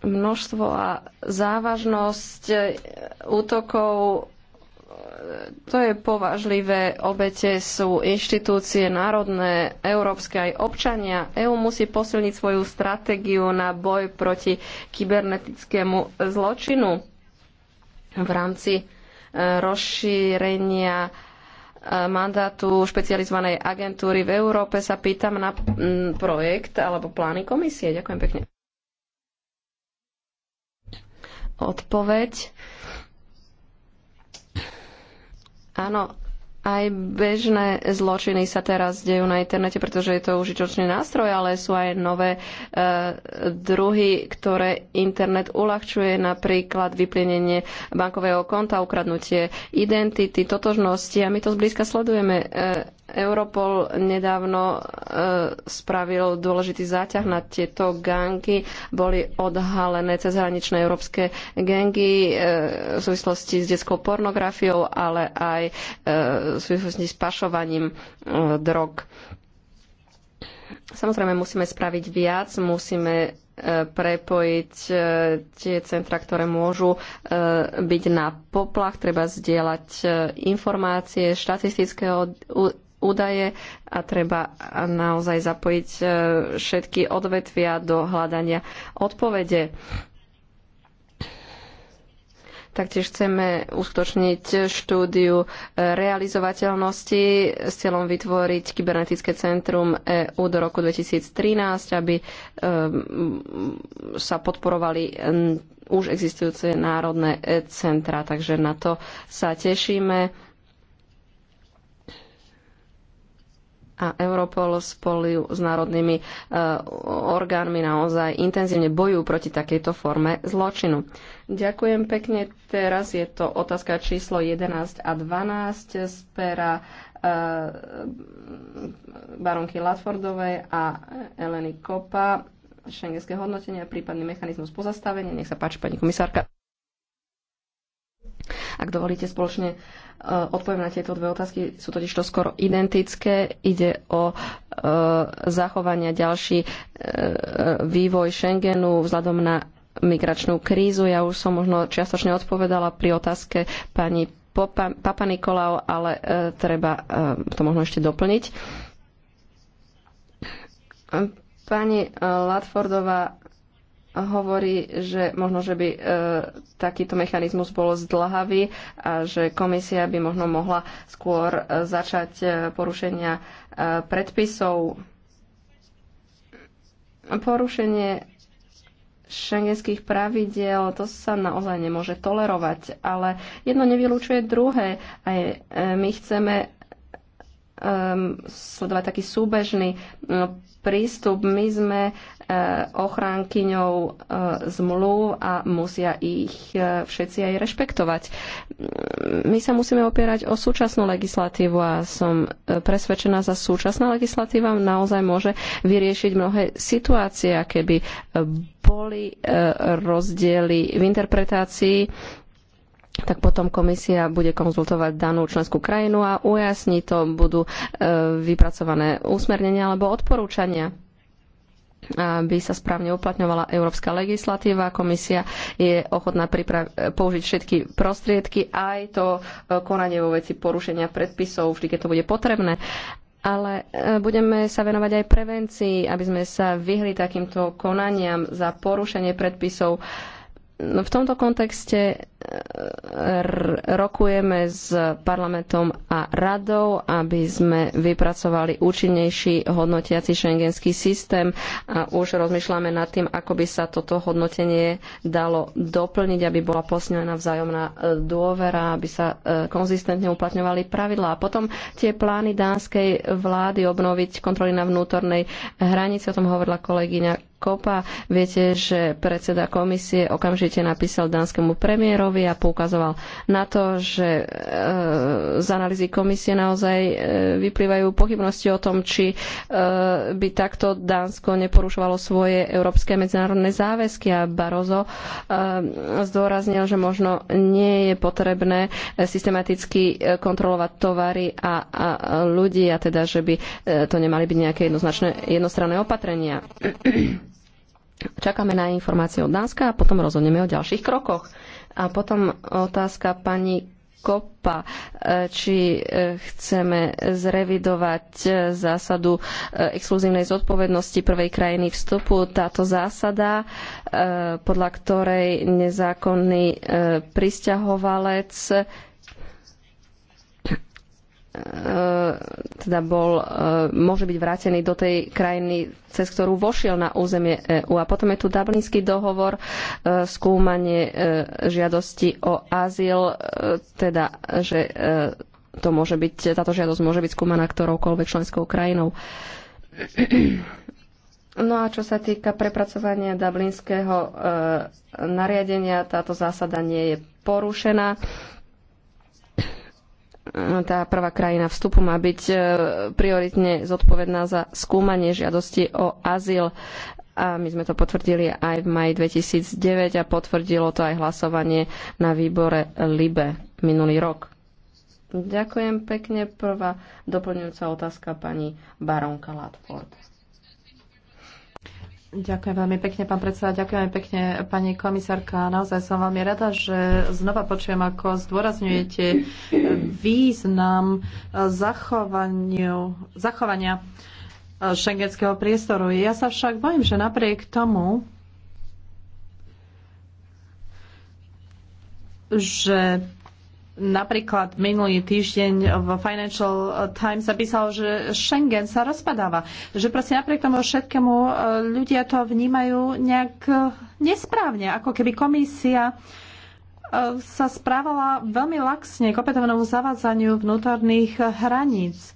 Množstvo a závažnosť útokov to je považlivé. Obete sú inštitúcie národné, európske aj občania. EÚ musí posilniť svoju stratégiu na boj proti kybernetickému zločinu v rámci e, rozšírenia e, mandátu špecializovanej agentúry v Európe sa pýtam na projekt alebo plány komisie. Ďakujem pekne. Odpoveď. Áno, aj bežné zločiny sa teraz dejú na internete, pretože je to užitočný nástroj, ale sú aj nové e, druhy, ktoré internet uľahčuje, napríklad vyplnenie bankového konta, ukradnutie identity, totožnosti a my to zblízka sledujeme. E, Europol nedávno e, spravil dôležitý záťah na tieto gangy. Boli odhalené cezhraničné európske gangy e, v súvislosti s detskou pornografiou, ale aj e, v súvislosti s pašovaním e, drog. Samozrejme, musíme spraviť viac, musíme e, prepojiť e, tie centra, ktoré môžu e, byť na poplach, treba zdieľať informácie, štatistické údaje a treba naozaj zapojiť e, všetky odvetvia do hľadania odpovede. Taktiež chceme uskutočniť štúdiu e, realizovateľnosti s cieľom vytvoriť kybernetické centrum EU do roku 2013, aby e, sa podporovali už existujúce národné centra. Takže na to sa tešíme. a Europol spolu s národnými eh, orgánmi naozaj intenzívne bojujú proti takejto forme zločinu. Ďakujem pekne. Teraz je to otázka číslo 11 a 12 z pera eh, baronky Latfordovej a Eleny Kopa šengenské hodnotenie prípadný mechanizmus pozastavenia. Nech sa páči, pani komisárka. Ak dovolíte spoločne e, odpoviem na tieto dve otázky, sú totiž to skoro identické. Ide o e, zachovanie ďalší e, vývoj Schengenu vzhľadom na migračnú krízu. Ja už som možno čiastočne odpovedala pri otázke pani Popa, Papa Nikolau, ale e, treba e, to možno ešte doplniť. Pani e, Latfordová hovorí, že možno, že by e, takýto mechanizmus bol zdlhavý a že komisia by možno mohla skôr e, začať e, porušenia e, predpisov. Porušenie šengenských pravidiel, to sa naozaj nemôže tolerovať, ale jedno nevylučuje druhé. Aj e, my chceme um, sledovať taký súbežný um, prístup. My sme uh, ochránkyňou uh, zmluv a musia ich uh, všetci aj rešpektovať. My sa musíme opierať o súčasnú legislatívu a som uh, presvedčená, za súčasná legislatíva naozaj môže vyriešiť mnohé situácie, keby uh, boli uh, rozdiely v interpretácii tak potom komisia bude konzultovať danú členskú krajinu a ujasní to, budú e, vypracované úsmernenia alebo odporúčania aby sa správne uplatňovala európska legislatíva. Komisia je ochotná e, použiť všetky prostriedky, aj to e, konanie vo veci porušenia predpisov, vždy keď to bude potrebné. Ale budeme sa venovať aj prevencii, aby sme sa vyhli takýmto konaniam za porušenie predpisov. No, v tomto kontexte e, rokujeme s parlamentom a radou, aby sme vypracovali účinnejší hodnotiaci šengenský systém a už rozmýšľame nad tým, ako by sa toto hodnotenie dalo doplniť, aby bola posilnená vzájomná e, dôvera, aby sa e, konzistentne uplatňovali pravidlá. A potom tie plány dánskej vlády obnoviť kontroly na vnútornej hranici, o tom hovorila kolegyňa Kopa. Viete, že predseda komisie okamžite napísal dánskemu premiérovi a poukazoval na to, že e, z analýzy komisie naozaj e, vyplývajú pochybnosti o tom, či e, by takto Dánsko neporušovalo svoje európske medzinárodné záväzky a Barozo zdôraznil, že možno nie je potrebné systematicky kontrolovať tovary a, a ľudí a teda, že by to nemali byť nejaké jednoznačné jednostranné opatrenia. Čakáme na informácie od Dánska a potom rozhodneme o ďalších krokoch. A potom otázka pani Kopa, e, či e, chceme zrevidovať e, zásadu exkluzívnej zodpovednosti prvej krajiny vstupu. Táto zásada, podľa ktorej nezákonný pristahovalec E, teda bol, e, môže byť vrátený do tej krajiny, cez ktorú vošiel na územie EÚ. A potom je tu Dublinský dohovor, e, skúmanie žiadosti o azyl, teda, že to môže byť, táto žiadosť môže byť skúmaná ktoroukoľvek členskou krajinou. No a čo sa týka prepracovania dublinského nariadenia, táto zásada nie je porušená E, tá prvá krajina vstupu má byť e, prioritne zodpovedná za skúmanie žiadosti o azyl a my sme to potvrdili aj v maji 2009 a potvrdilo to aj hlasovanie na výbore LIBE minulý rok. Ďakujem pekne. Prvá doplňujúca otázka pani Baronka Latford. Ďakujem veľmi pekne, pán predseda, ďakujem pekne, pani komisárka. Naozaj som veľmi rada, že znova počujem, ako zdôrazňujete význam zachovania šengenského priestoru. Ja sa však bojím, že napriek tomu, že Napríklad minulý týždeň v Financial Times zapísal, že Schengen sa rozpadáva. Že proste napriek tomu všetkému e, ľudia to vnímajú nejak e, nesprávne, ako keby komisia e, sa správala veľmi laxne k opätovnému zavádzaniu vnútorných hraníc.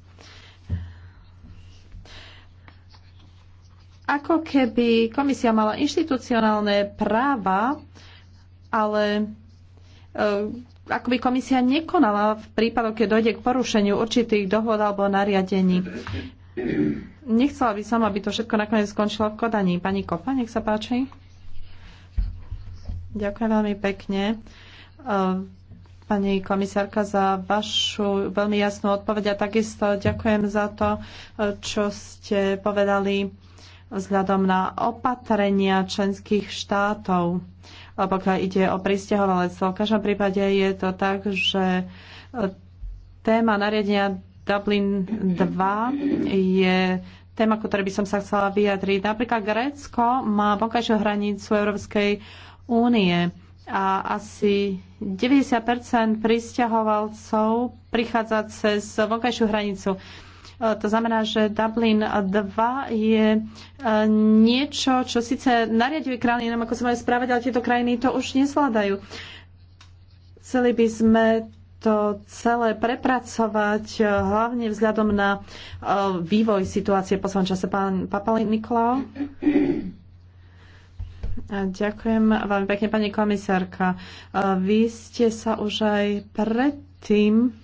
Ako keby komisia mala inštitucionálne práva, ale ako by komisia nekonala v prípadoch, keď dojde k porušeniu určitých dohod alebo nariadení. Nechcela by som, aby to všetko nakoniec skončilo v Kodaní. Pani Kopa, nech sa páči. Ďakujem veľmi pekne. Eh, pani komisárka, za vašu veľmi jasnú odpoveď a takisto ďakujem za to, eh, čo ste povedali vzhľadom na opatrenia členských štátov pokiaľ ide o pristahovalectvo. V každom prípade je to tak, že e, téma nariadenia Dublin 2 je téma, ktoré by som sa chcela vyjadriť. Napríklad Grécko má vonkajšiu hranicu Európskej únie a asi 90 pristahovalcov prichádza cez vonkajšiu hranicu. To znamená, že Dublin 2 je e, niečo, čo síce nariaduje krajiny, nám ako sa majú správať, ale tieto krajiny to už nesladajú. Chceli by sme to celé prepracovať, e, hlavne vzhľadom na e, vývoj situácie v poslednom čase. Pán Papali Nikolao. Ďakujem veľmi pekne, pani komisárka. Vy ste sa už aj predtým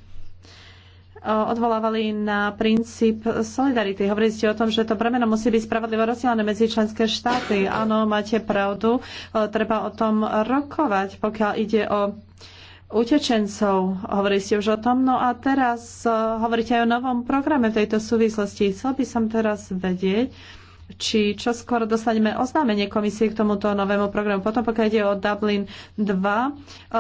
odvolávali na princíp solidarity. Hovorili ste o tom, že to bremeno musí byť spravodlivo rozdelené medzi členské štáty. Áno, máte pravdu, e, treba o tom rokovať, pokiaľ ide o utečencov. Hovorili ste už o tom. No a teraz e, hovoríte aj o novom programe v tejto súvislosti. Chcel by som teraz vedieť, či čo skoro dostaneme oznámenie komisie k tomuto novému programu. Potom, pokiaľ ide o Dublin 2, e,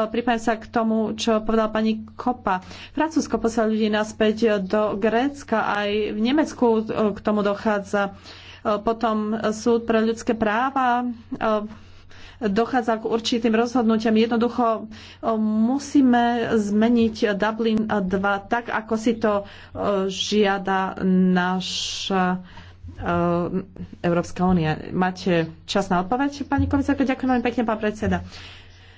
pripájam sa k tomu, čo povedala pani Kopa. Francúzsko posiela ľudí naspäť do Grécka, aj v Nemecku e, k tomu dochádza. E, potom súd pre ľudské práva dochádza k určitým rozhodnutiam. Jednoducho musíme zmeniť Dublin 2 tak, ako si to žiada naša Európska únia. Máte čas na odpoveď, pani komisárka? Ďakujem veľmi pekne, pán predseda.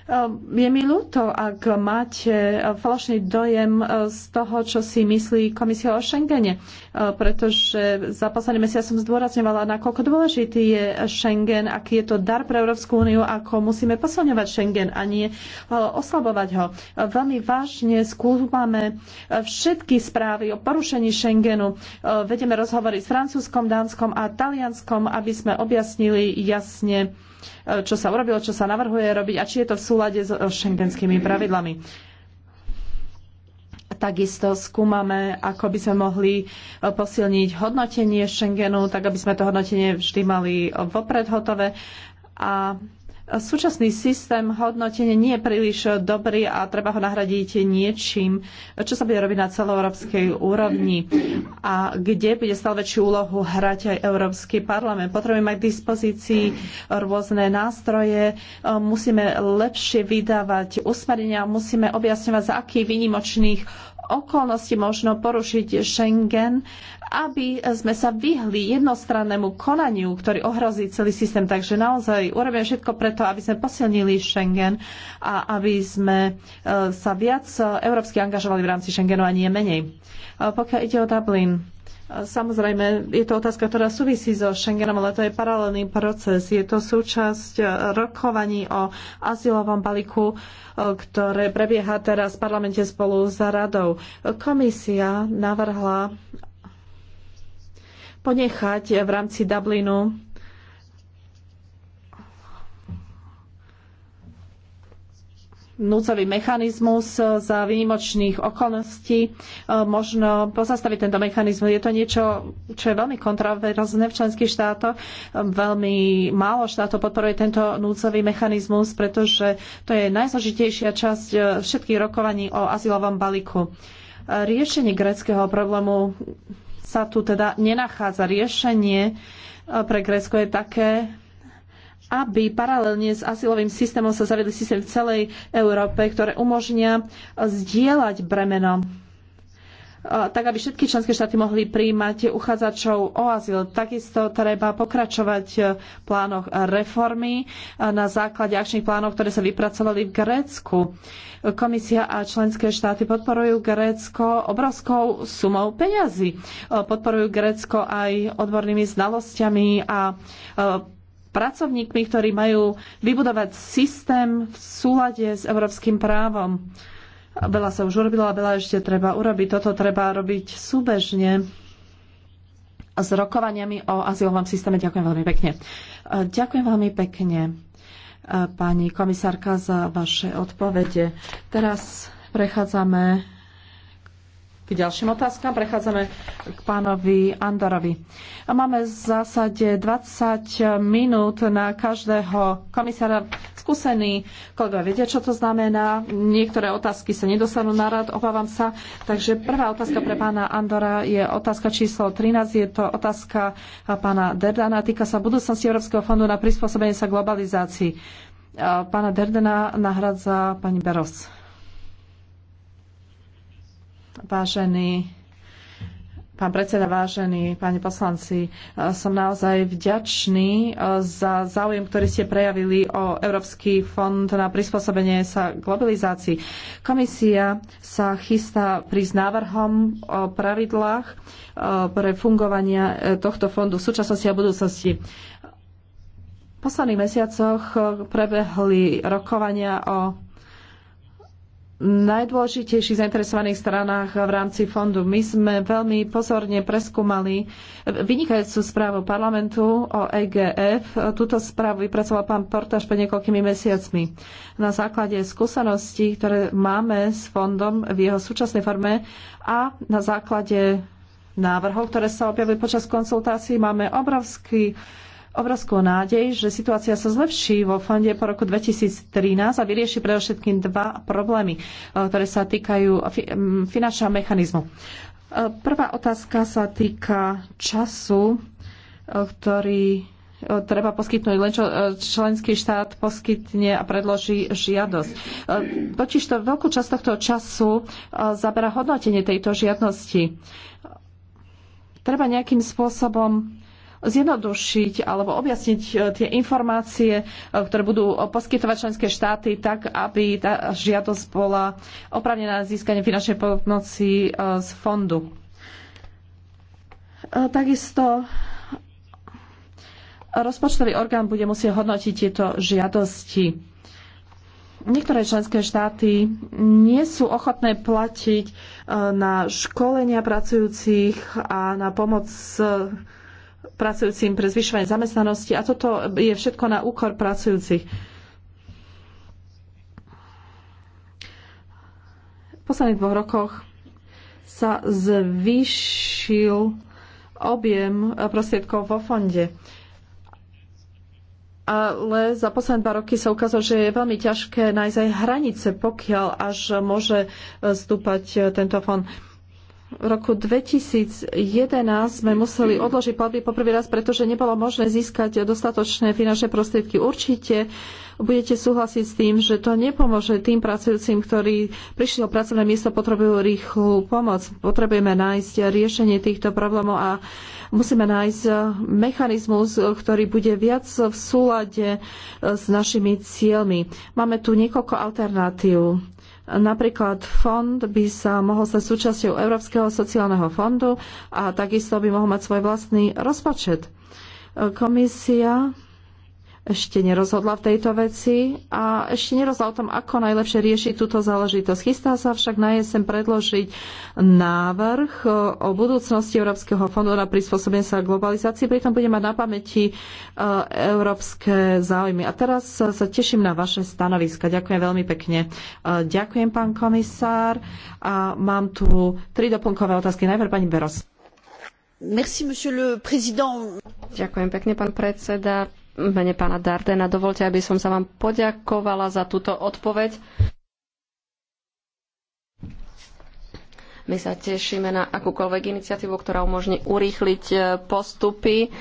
Ehm, je mi ľúto, ak máte eh, falošný dojem eh, z toho, čo si myslí komisia o Schengene, eh, pretože za posledný mesiac som zdôrazňovala, nakoľko dôležitý je Schengen, aký je to dar pre Európsku úniu, ako musíme posilňovať Schengen a nie oslabovať ho. Veľmi vážne skúmame všetky správy o porušení Schengenu. Vedeme rozhovory s Francúzskom, Dánskom a Talianskom, aby sme objasnili jasne, E, čo sa urobilo, čo sa navrhuje robiť a či je to v súlade s e, šengenskými pravidlami. Takisto skúmame, ako by sme mohli e, posilniť hodnotenie Schengenu, tak aby sme to hodnotenie vždy mali vopred hotové. A Súčasný systém hodnotenia nie je príliš dobrý a treba ho nahradiť niečím, čo sa bude robiť na celoeurópskej úrovni a kde bude stále väčšiu úlohu hrať aj Európsky parlament. Potrebujeme mať k dispozícii rôzne nástroje, musíme lepšie vydávať usmerenia, musíme objasňovať, za akých výnimočných okolnosti možno porušiť Schengen, aby sme sa vyhli jednostrannému konaniu, ktorý ohrozí celý systém. Takže naozaj urobíme všetko preto, aby sme posilnili Schengen a aby sme e, sa viac e, európsky angažovali v rámci Schengenu a nie menej. E, pokiaľ ide o Dublin, Samozrejme, je to otázka, ktorá súvisí so Schengenom, ale to je paralelný proces. Je to súčasť e, rokovaní o azylovom balíku, e, ktoré prebieha teraz v parlamente spolu s radou. Komisia navrhla ponechať v rámci Dublinu núdzový mechanizmus e, za výnimočných okolností e, možno pozastaviť tento mechanizmus. Je to niečo, čo je veľmi kontroverzné v členských štátoch. E, veľmi málo štátov podporuje tento núdzový mechanizmus, pretože to je najzložitejšia časť všetkých rokovaní o azylovom balíku. Riešenie greckého problému sa tu teda nenachádza. Riešenie pre Grécko je také, aby paralelne s asilovým systémom sa zavedli systém v celej Európe, ktoré umožnia zdieľať bremeno tak aby všetky členské štáty mohli príjmať uchádzačov o azyl. Takisto treba pokračovať v plánoch reformy na základe akčných plánov, ktoré sa vypracovali v Grécku. Komisia a členské štáty podporujú Grécko obrovskou sumou peňazí. Podporujú Grécko aj odbornými znalosťami a pracovníkmi, ktorí majú vybudovať systém v súlade s európskym právom. Veľa sa už urobilo a veľa ešte treba urobiť. Toto treba robiť súbežne s rokovaniami o azylovom systéme. Ďakujem veľmi pekne. E, ďakujem veľmi pekne, e, pani komisárka, za vaše odpovede. Teraz prechádzame k ďalším otázkam. Prechádzame k pánovi Andorovi. Máme v zásade 20 minút na každého komisára. Skúsení kolega vedia, čo to znamená. Niektoré otázky sa nedostanú na rad, obávam sa. Takže prvá otázka pre pána Andora je otázka číslo 13. Je to otázka pána Derdana. Týka sa budúcnosti Európskeho fondu na prispôsobenie sa globalizácii. Pána Derdana, nahradza pani Beros. Vážený Pán predseda, vážení páni poslanci, e, som naozaj vďačný e, za záujem, ktorý ste prejavili o Európsky fond na prispôsobenie sa globalizácii. Komisia sa chystá prísť návrhom o pravidlách e, pre fungovanie tohto fondu v súčasnosti a budúcnosti. V posledných mesiacoch prebehli rokovania o najdôležitejších zainteresovaných stranách v rámci fondu. My sme veľmi pozorne preskúmali vynikajúcu správu parlamentu o EGF. Túto správu vypracoval pán portáš pred niekoľkými mesiacmi. Na základe skúseností, ktoré máme s fondom v jeho súčasnej forme a na základe návrhov, ktoré sa objavili počas konsultácií, máme obrovský obrovskú nádej, že situácia sa zlepší vo fonde po roku 2013 a vyrieši predovšetkým dva problémy, e, ktoré sa týkajú finančného mechanizmu. E, prvá otázka sa týka času, e, ktorý treba poskytnúť, len čo členský štát poskytne a predloží žiadosť. Totiž to veľkú časť tohto času zabera hodnotenie tejto žiadnosti. Treba nejakým spôsobom zjednodušiť alebo objasniť e, tie informácie, e, ktoré budú poskytovať členské štáty, tak aby tá žiadosť bola opravnená na získanie finančnej pomoci e, z fondu. Takisto rozpočtový orgán bude musieť hodnotiť tieto žiadosti. Niektoré členské štáty nie sú ochotné platiť na školenia pracujúcich a na pomoc pracujúcim pre zvyšovanie zamestnanosti a toto je všetko na úkor pracujúcich. V posledných dvoch rokoch sa zvýšil objem prostriedkov vo fonde. Ale za posledné dva roky sa ukázalo, že je veľmi ťažké nájsť aj hranice, pokiaľ až môže stúpať tento fond v roku 2011 sme museli odložiť platby poprvý raz, pretože nebolo možné získať dostatočné finančné prostriedky. Určite budete súhlasiť s tým, že to nepomôže tým pracujúcim, ktorí prišli o pracovné miesto, potrebujú rýchlu pomoc. Potrebujeme nájsť riešenie týchto problémov a musíme nájsť mechanizmus, ktorý bude viac v súlade s našimi cieľmi. Máme tu niekoľko alternatív Napríklad fond by sa mohol stať súčasťou Európskeho sociálneho fondu a takisto by mohol mať svoj vlastný rozpočet. Komisia ešte nerozhodla v tejto veci a ešte nerozhodla o tom, ako najlepšie riešiť túto záležitosť. Chystá sa však na jesen predložiť návrh e, o budúcnosti Európskeho fondu na prispôsobenie sa globalizácii, pritom bude mať na pamäti e, európske záujmy. A teraz sa teším na vaše stanoviska. Ďakujem veľmi pekne. E, ďakujem, pán komisár. A mám tu tri doplnkové otázky. Najprv pani Beros. Merci, Ďakujem pekne, pán predseda mene pána Dardena. Dovolte, aby som sa vám poďakovala za túto odpoveď. My sa tešíme na akúkoľvek iniciatívu, ktorá umožní urýchliť e, postupy,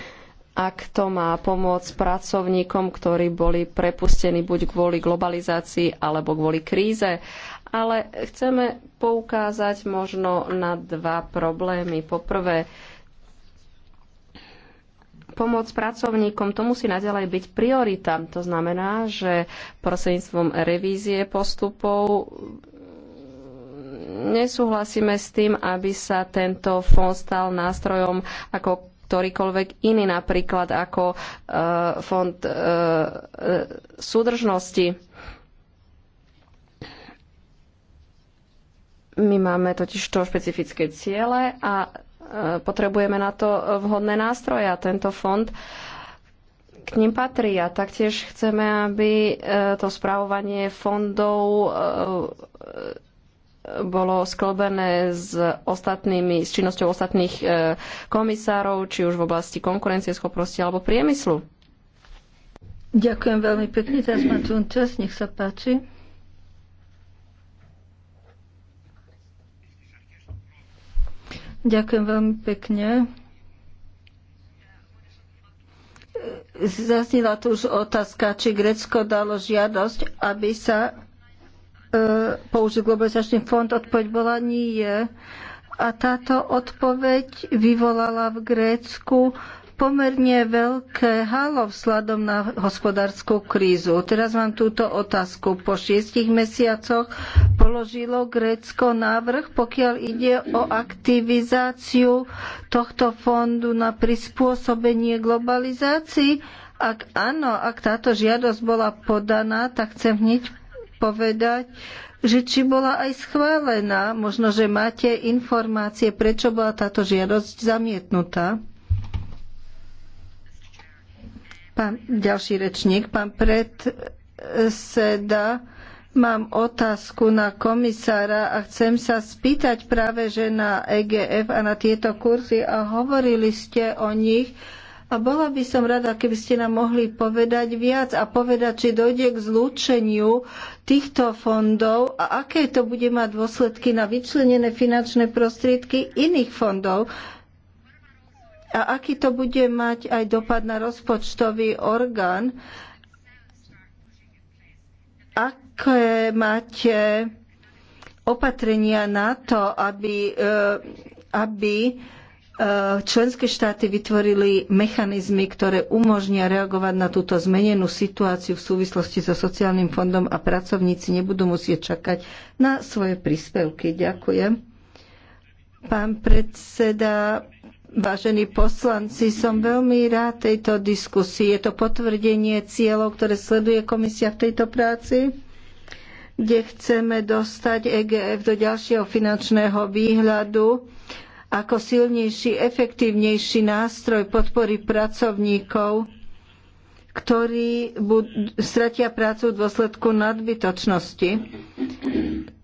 ak to má pomôcť pracovníkom, ktorí boli prepustení buď kvôli globalizácii alebo kvôli kríze. Ale chceme poukázať možno na dva problémy. Poprvé, pomoc pracovníkom, to musí naďalej byť priorita. To znamená, že prostredníctvom revízie postupov nesúhlasíme s tým, aby sa tento fond stal nástrojom ako ktorýkoľvek iný, napríklad ako e, fond e, e, súdržnosti. My máme totiž to špecifické ciele a E, potrebujeme na to vhodné nástroje a tento fond k ním patrí a taktiež chceme, aby e, to správovanie fondov e, bolo sklbené s, ostatnými, s činnosťou ostatných komisárov, či už v oblasti konkurencieschopnosti alebo priemyslu. Ďakujem veľmi pekne. Teraz má tu čas, nech sa páči. Ďakujem veľmi pekne. Zaznila tu už otázka, či Grécko dalo žiadosť, aby sa e, použil globalizačný fond. Odpoveď bola nie. A táto odpoveď vyvolala v Grécku pomerne veľké halo vzhľadom na hospodárskú krízu. Teraz mám túto otázku. Po šiestich mesiacoch položilo Grécko návrh, pokiaľ ide o aktivizáciu tohto fondu na prispôsobenie globalizácii. Ak áno, ak táto žiadosť bola podaná, tak chcem hneď povedať, že či bola aj schválená. Možno, že máte informácie, prečo bola táto žiadosť zamietnutá. Pán, ďalší rečník, pán predseda, mám otázku na komisára a chcem sa spýtať práve, že na EGF a na tieto kurzy a hovorili ste o nich. A bola by som rada, keby ste nám mohli povedať viac a povedať, či dojde k zlúčeniu týchto fondov a aké to bude mať dôsledky na vyčlenené finančné prostriedky iných fondov. A aký to bude mať aj dopad na rozpočtový orgán? Aké máte opatrenia na to, aby, eh, aby eh, členské štáty vytvorili mechanizmy, ktoré umožnia reagovať na túto zmenenú situáciu v súvislosti so sociálnym fondom a pracovníci nebudú musieť čakať na svoje príspevky. Ďakujem. Pán predseda, Vážení poslanci, som veľmi rád tejto diskusii. Je to potvrdenie cieľov, ktoré sleduje komisia v tejto práci, kde chceme dostať EGF do ďalšieho finančného výhľadu ako silnejší, efektívnejší nástroj podpory pracovníkov, ktorí stratia prácu v dôsledku nadbytočnosti.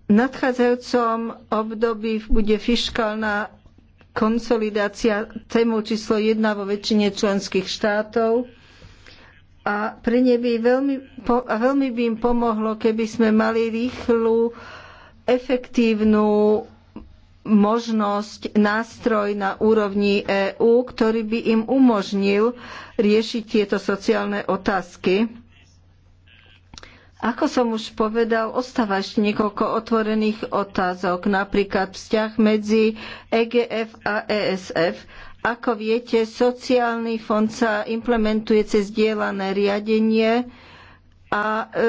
V nadchádzajúcom období bude fiškálna konsolidácia tému číslo jedna vo väčšine členských štátov a pre ne by veľmi, a veľmi by im pomohlo, keby sme mali rýchlu, efektívnu možnosť, nástroj na úrovni EÚ, ktorý by im umožnil riešiť tieto sociálne otázky. Ako som už povedal, ostáva ešte niekoľko otvorených otázok, napríklad vzťah medzi EGF a ESF. Ako viete, sociálny fond sa implementuje cez dielané riadenie a e,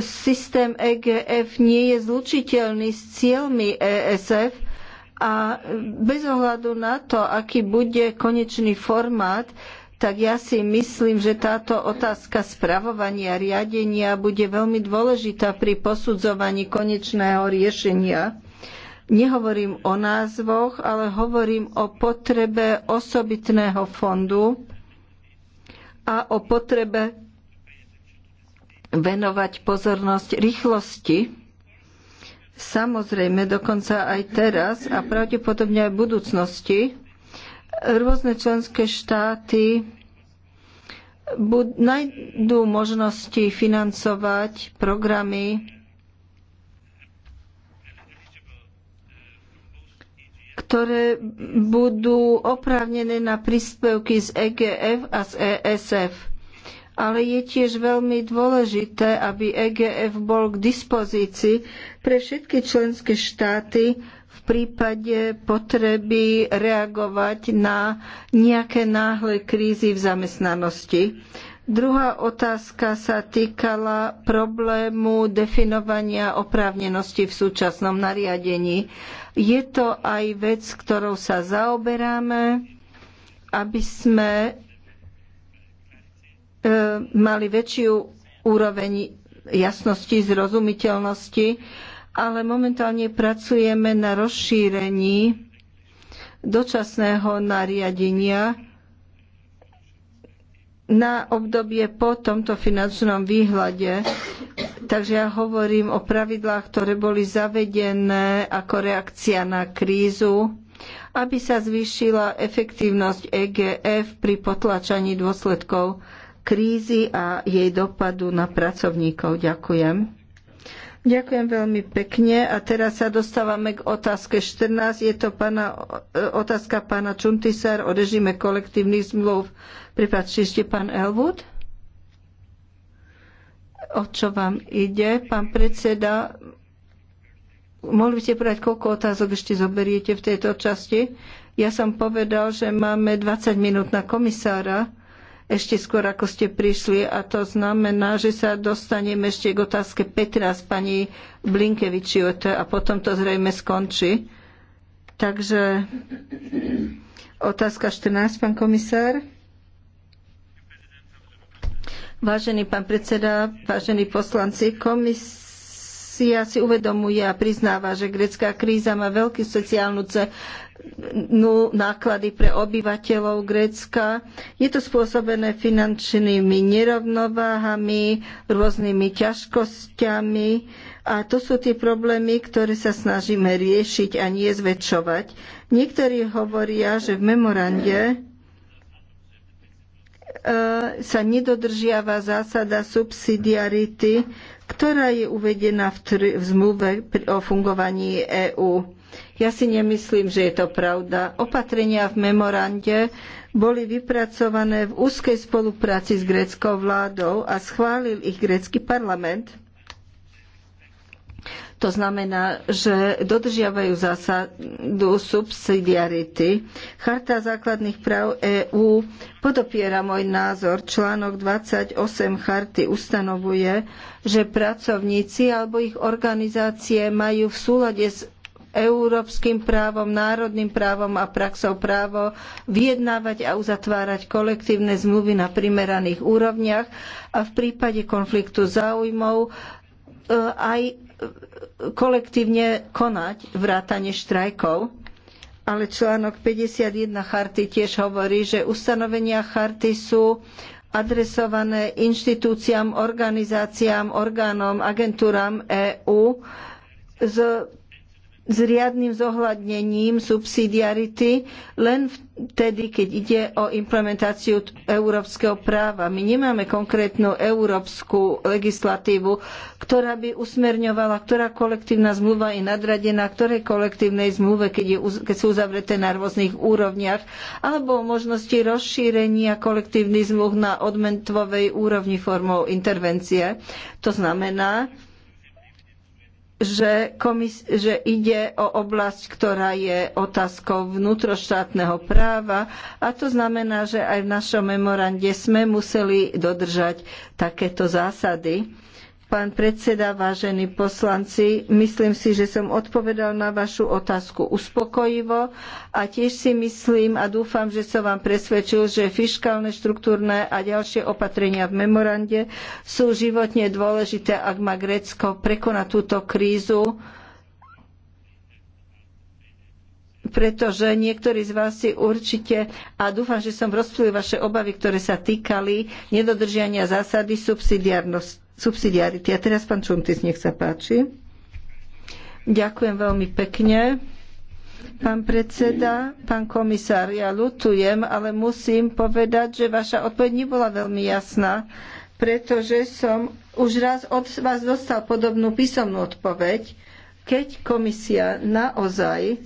systém EGF nie je zlučiteľný s cieľmi ESF a bez ohľadu na to, aký bude konečný formát, tak ja si myslím, že táto otázka spravovania, riadenia bude veľmi dôležitá pri posudzovaní konečného riešenia. Nehovorím o názvoch, ale hovorím o potrebe osobitného fondu a o potrebe venovať pozornosť rýchlosti samozrejme dokonca aj teraz a pravdepodobne aj v budúcnosti, Rôzne členské štáty nájdú možnosti financovať programy, ktoré budú oprávnené na príspevky z EGF a z ESF. Ale je tiež veľmi dôležité, aby EGF bol k dispozícii pre všetky členské štáty, v prípade potreby reagovať na nejaké náhle krízy v zamestnanosti. Druhá otázka sa týkala problému definovania oprávnenosti v súčasnom nariadení. Je to aj vec, ktorou sa zaoberáme, aby sme e, mali väčšiu úroveň jasnosti, zrozumiteľnosti ale momentálne pracujeme na rozšírení dočasného nariadenia na obdobie po tomto finančnom výhľade. Takže ja hovorím o pravidlách, ktoré boli zavedené ako reakcia na krízu, aby sa zvýšila efektívnosť EGF pri potlačaní dôsledkov krízy a jej dopadu na pracovníkov. Ďakujem. Ďakujem veľmi pekne a teraz sa dostávame k otázke 14. Je to pána, e, otázka pána Čuntisar o režime kolektívnych zmluv. Prepáčte ešte pán Elwood. O čo vám ide? Pán predseda, mohli by ste povedať, koľko otázok ešte zoberiete v tejto časti? Ja som povedal, že máme 20 minút na komisára ešte skôr, ako ste prišli a to znamená, že sa dostaneme ešte k otázke 15 pani Blinkevičiute a potom to zrejme skončí. Takže otázka 14, pán komisár. Vážený pán predseda, vážení poslanci, komis si si uvedomuje a priznáva, že grécka kríza má veľký sociálnu cenu náklady pre obyvateľov Grécka. Je to spôsobené finančnými nerovnováhami, rôznymi ťažkosťami a to sú tie problémy, ktoré sa snažíme riešiť a nie zväčšovať. Niektorí hovoria, že v memorande E, sa nedodržiava zásada subsidiarity, ktorá je uvedená v, v zmluve o fungovaní EÚ. Ja si nemyslím, že je to pravda. Opatrenia v memorande boli vypracované v úzkej spolupráci s gréckou vládou a schválil ich grécky parlament. To znamená, že dodržiavajú zásadu subsidiarity. Charta základných práv EÚ podopiera môj názor. Článok 28 charty ustanovuje, že pracovníci alebo ich organizácie majú v súlade s európskym právom, národným právom a praxou právo vyjednávať a uzatvárať kolektívne zmluvy na primeraných úrovniach a v prípade konfliktu záujmov e, aj kolektívne konať vrátane štrajkov, ale článok 51 charty tiež hovorí, že ustanovenia charty sú adresované inštitúciám, organizáciám, orgánom, agentúram EÚ s s riadnym zohľadnením subsidiarity len vtedy, keď ide o implementáciu európskeho práva. My nemáme konkrétnu európsku legislatívu, ktorá by usmerňovala, ktorá kolektívna zmluva je nadradená ktorej kolektívnej zmluve, keď, je, keď sú uzavreté na rôznych úrovniach, alebo o možnosti rozšírenia kolektívnych zmluv na odmentovej úrovni formou intervencie. To znamená, že, komis- že ide o oblasť, ktorá je otázkou vnútroštátneho práva a to znamená, že aj v našom memorande sme museli dodržať takéto zásady. Pán predseda, vážení poslanci, myslím si, že som odpovedal na vašu otázku uspokojivo a tiež si myslím a dúfam, že som vám presvedčil, že fiškálne, štruktúrne a ďalšie opatrenia v memorande sú životne dôležité, ak má Grécko prekonať túto krízu, pretože niektorí z vás si určite, a dúfam, že som rozptýlil vaše obavy, ktoré sa týkali nedodržiania zásady subsidiarnosti subsidiarity. A teraz pán Čuntis, nech sa páči. Ďakujem veľmi pekne. Pán predseda, pán komisár, ja lutujem, ale musím povedať, že vaša odpoveď nebola veľmi jasná, pretože som už raz od vás dostal podobnú písomnú odpoveď, keď komisia naozaj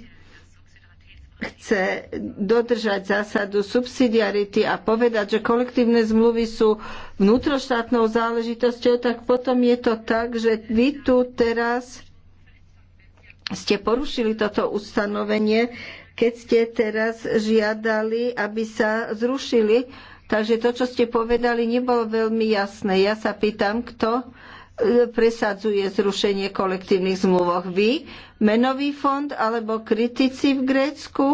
chce dodržať zásadu subsidiarity a povedať, že kolektívne zmluvy sú vnútroštátnou záležitosťou, tak potom je to tak, že vy tu teraz ste porušili toto ustanovenie, keď ste teraz žiadali, aby sa zrušili. Takže to, čo ste povedali, nebolo veľmi jasné. Ja sa pýtam, kto e, presadzuje zrušenie kolektívnych zmluvoch? Vy, menový fond alebo kritici v Grécku?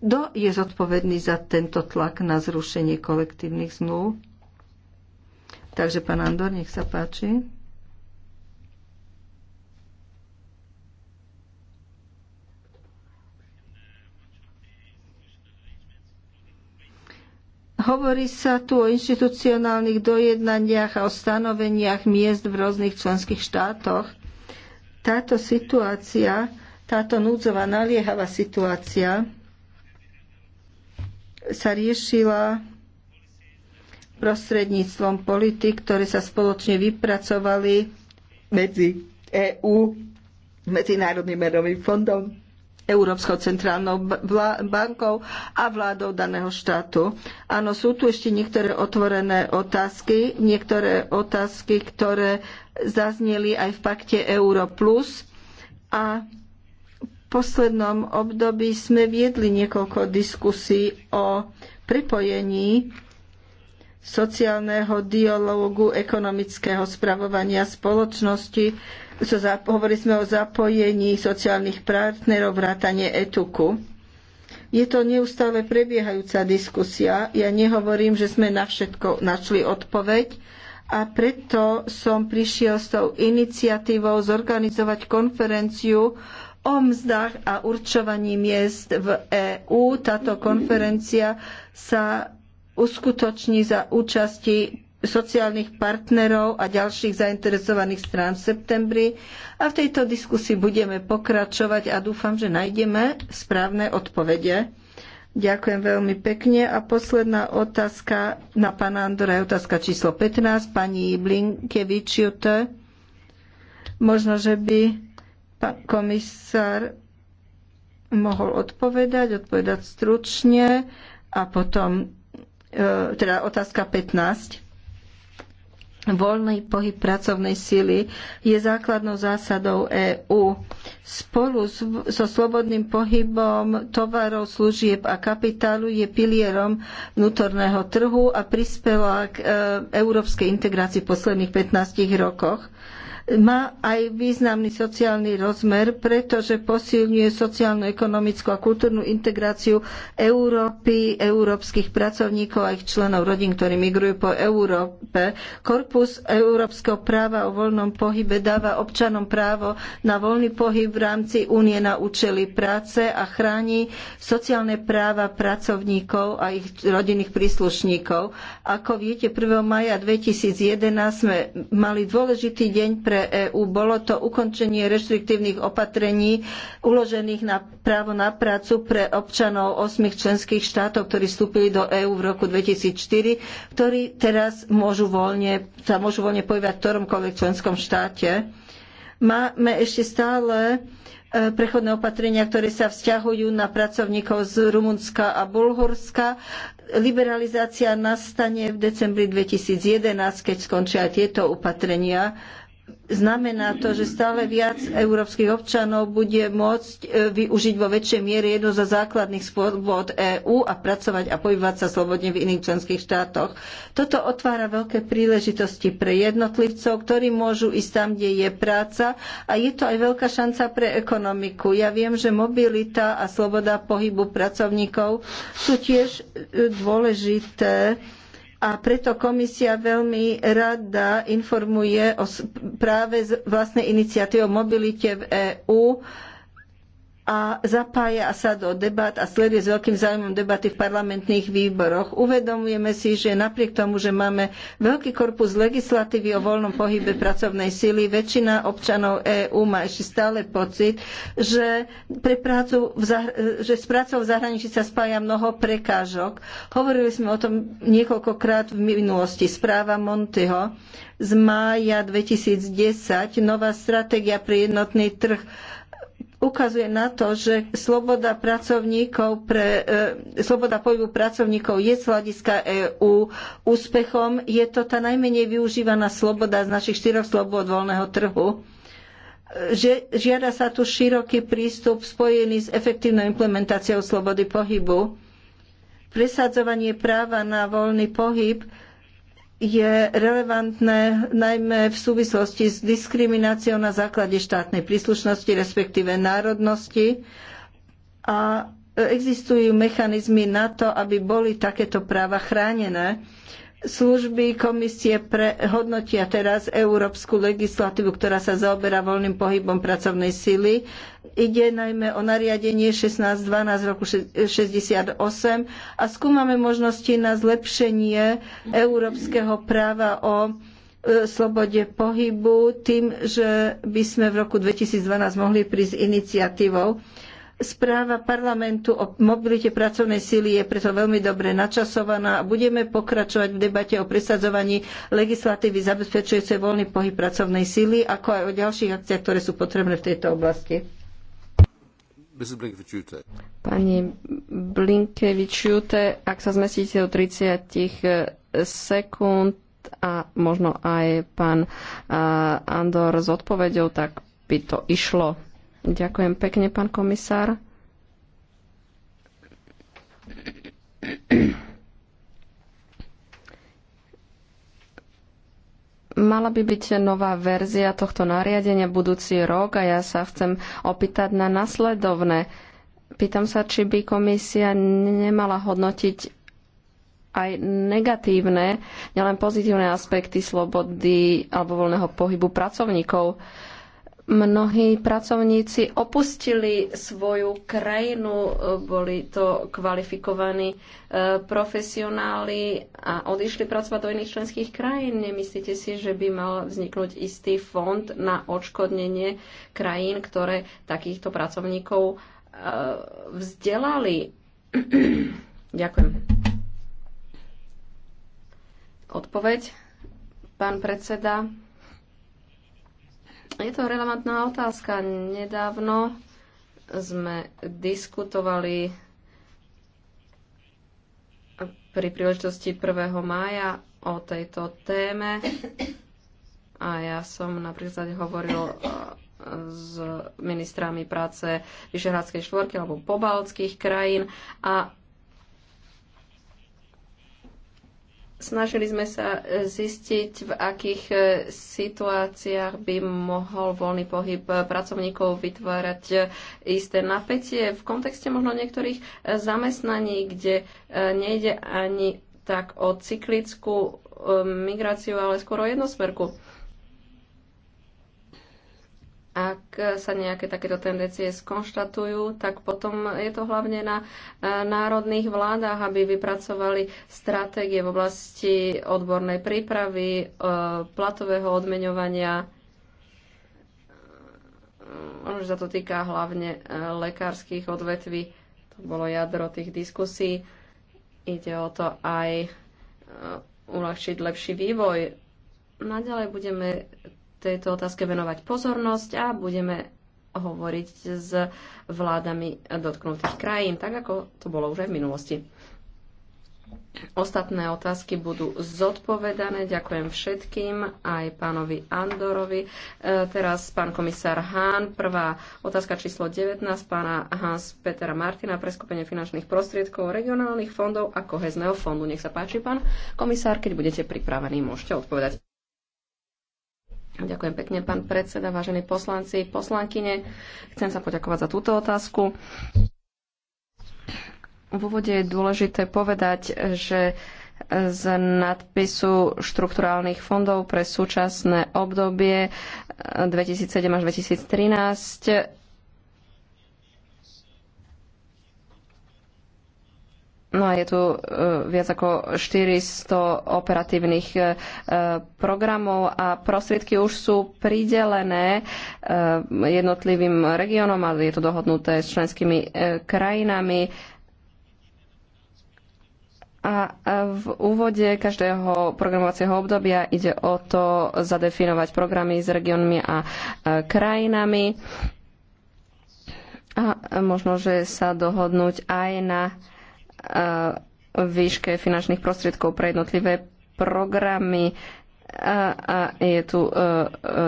Kto je zodpovedný za tento tlak na zrušenie kolektívnych zmluv? Takže pán Andor, nech sa páči. Hovorí sa tu o inštitucionálnych dojednaniach a o stanoveniach miest v rôznych členských štátoch. Táto situácia, táto núdzová naliehavá situácia sa riešila prostredníctvom politik, ktoré sa spoločne vypracovali medzi EU, Medzinárodným merovým fondom, Európskou centrálnou bankou a vládou daného štátu. Áno, sú tu ešte niektoré otvorené otázky, niektoré otázky, ktoré zazneli aj v pakte Euro plus a poslednom období sme viedli niekoľko diskusí o pripojení sociálneho dialógu, ekonomického spravovania spoločnosti. So, hovorili sme o zapojení sociálnych partnerov, vrátane etuku. Je to neustále prebiehajúca diskusia. Ja nehovorím, že sme na všetko našli odpoveď a preto som prišiel s tou iniciatívou zorganizovať konferenciu o mzdách a určovaní miest v EÚ. Táto konferencia sa uskutoční za účasti sociálnych partnerov a ďalších zainteresovaných strán v septembri. A v tejto diskusii budeme pokračovať a dúfam, že nájdeme správne odpovede. Ďakujem veľmi pekne. A posledná otázka na pána Andora je otázka číslo 15, pani Blinkevičiute. Možno, že by Pán komisár mohol odpovedať, odpovedať stručne a potom, e, teda otázka 15. Voľný pohyb pracovnej síly je základnou zásadou EÚ. Spolu so slobodným pohybom tovarov, služieb a kapitálu je pilierom vnútorného trhu a prispela k e, európskej integrácii v posledných 15 rokoch má aj významný sociálny rozmer, pretože posilňuje sociálnu, ekonomickú a kultúrnu integráciu Európy, európskych pracovníkov a ich členov rodín, ktorí migrujú po Európe. Korpus európskeho práva o voľnom pohybe dáva občanom právo na voľný pohyb v rámci únie na účely práce a chráni sociálne práva pracovníkov a ich rodinných príslušníkov. Ako viete, 1. maja 2011 sme mali dôležitý deň pre pre EÚ. Bolo to ukončenie reštriktívnych opatrení uložených na právo na prácu pre občanov osmých členských štátov, ktorí vstúpili do EÚ v roku 2004, ktorí teraz môžu voľne, sa môžu voľne pohybovať v ktoromkoľvek členskom štáte. Máme ešte stále e, prechodné opatrenia, ktoré sa vzťahujú na pracovníkov z Rumunska a Bulhorska. Liberalizácia nastane v decembri 2011, keď skončia aj tieto opatrenia. Znamená to, že stále viac európskych občanov bude môcť e, využiť vo väčšej miere jednu zo základných slobod EÚ a pracovať a pohybovať sa slobodne v iných členských štátoch. Toto otvára veľké príležitosti pre jednotlivcov, ktorí môžu ísť tam, kde je práca a je to aj veľká šanca pre ekonomiku. Ja viem, že mobilita a sloboda pohybu pracovníkov sú tiež e, dôležité a preto komisia veľmi rada informuje o práve z vlastnej iniciatívy o mobilite v EÚ a zapája sa do debat a sleduje s veľkým záujmom debaty v parlamentných výboroch. Uvedomujeme si, že napriek tomu, že máme veľký korpus legislatívy o voľnom pohybe pracovnej sily, väčšina občanov EÚ má ešte stále pocit, že, pre prácu v že s prácou v zahraničí sa spája mnoho prekážok. Hovorili sme o tom niekoľkokrát v minulosti. Správa Montyho z mája 2010, nová stratégia pre jednotný trh ukazuje na to, že sloboda pracovníkov pre, e, sloboda pohybu pracovníkov je z hľadiska EÚ úspechom. Je to tá najmenej využívaná sloboda z našich štyroch slobod voľného trhu. Žiada sa tu široký prístup spojený s efektívnou implementáciou slobody pohybu. Presadzovanie práva na voľný pohyb je relevantné najmä v súvislosti s diskrimináciou na základe štátnej príslušnosti, respektíve národnosti. A existujú mechanizmy na to, aby boli takéto práva chránené. Služby komisie pre, hodnotia teraz európsku legislatívu, ktorá sa zaoberá voľným pohybom pracovnej sily. Ide najmä o nariadenie 1612 roku 68 a skúmame možnosti na zlepšenie európskeho práva o e, slobode pohybu tým, že by sme v roku 2012 mohli prísť iniciatívou. Správa parlamentu o mobilite pracovnej síly je preto veľmi dobre načasovaná a budeme pokračovať v debate o presadzovaní legislatívy zabezpečujúcej voľný pohyb pracovnej síly, ako aj o ďalších akciách, ktoré sú potrebné v tejto oblasti. Pani Blinkevičiute, ak sa zmestíte do 30 eh, sekúnd a možno aj pán eh, Andor s odpovedou, tak by to išlo. Ďakujem pekne, pán komisár. Mala by byť nová verzia tohto nariadenia budúci rok a ja sa chcem opýtať na nasledovné. Pýtam sa, či by komisia nemala hodnotiť aj negatívne, nielen pozitívne aspekty slobody alebo voľného pohybu pracovníkov mnohí pracovníci opustili svoju krajinu, boli to kvalifikovaní e, profesionáli a odišli pracovať do iných členských krajín. Nemyslíte si, že by mal vzniknúť istý fond na odškodnenie krajín, ktoré takýchto pracovníkov e, vzdelali? Ďakujem. Odpoveď, pán predseda. Je to relevantná otázka. Nedávno sme diskutovali pri príležitosti 1. mája o tejto téme a ja som napríklad hovoril e, s ministrami práce Vyšehradskej štvorky alebo pobaltských krajín a Snažili sme sa e, zistiť, v akých e, situáciách by mohol voľný pohyb e, pracovníkov vytvárať isté napätie v kontexte možno niektorých zamestnaní, kde nejde ani tak o cyklickú migráciu, ale skôr o jednosmerku. Ak sa nejaké takéto tendencie skonštatujú, tak potom je to hlavne na e, národných vládach, aby vypracovali stratégie v oblasti odbornej prípravy, e, platového odmeňovania. E, ono sa to týka hlavne lekárskych odvetví. To bolo jadro tých diskusí. Ide o to aj uľahčiť lepší vývoj. Naďalej budeme tejto otázke venovať pozornosť a budeme hovoriť s vládami dotknutých krajín, tak ako to bolo už aj v minulosti. Ostatné otázky budú zodpovedané. Ďakujem všetkým, aj pánovi Andorovi. E, teraz pán komisár Hán. Prvá otázka číslo 19 pána Hans Petera Martina pre skupenie finančných prostriedkov regionálnych fondov a kohezného fondu. Nech sa páči, pán komisár, keď budete pripravení, môžete odpovedať. Ďakujem pekne, pán predseda, vážení poslanci, poslankyne. Chcem sa poďakovať za túto otázku. V úvode je dôležité povedať, že z nadpisu štrukturálnych fondov pre súčasné obdobie 2007 až 2013 No a je tu e, viac ako 400 operatívnych e, programov a prostriedky už sú pridelené e, jednotlivým regiónom, ale je to dohodnuté s členskými krajinami. A v úvode každého programovacieho obdobia ide o to zadefinovať programy s regiónmi a krajinami a možno, že sa dohodnúť aj na Eh, výške finančných prostriedkov pre jednotlivé programy a je tu eh,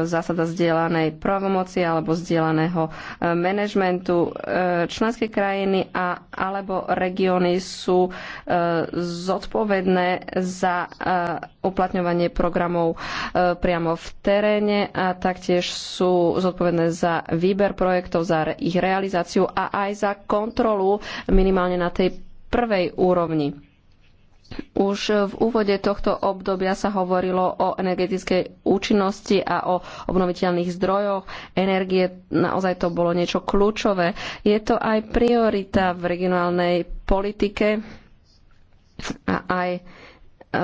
zásada zdieľanej pravomoci alebo zdieľaného eh, manažmentu. Členské krajiny a alebo regióny sú zodpovedné za uplatňovanie programov priamo v teréne a taktiež sú zodpovedné za výber projektov, za ich realizáciu a aj za kontrolu minimálne na tej prvej úrovni. Už v úvode tohto obdobia sa hovorilo o energetickej účinnosti a o obnoviteľných zdrojoch energie. Naozaj to bolo niečo kľúčové. Je to aj priorita v regionálnej politike a aj e, e,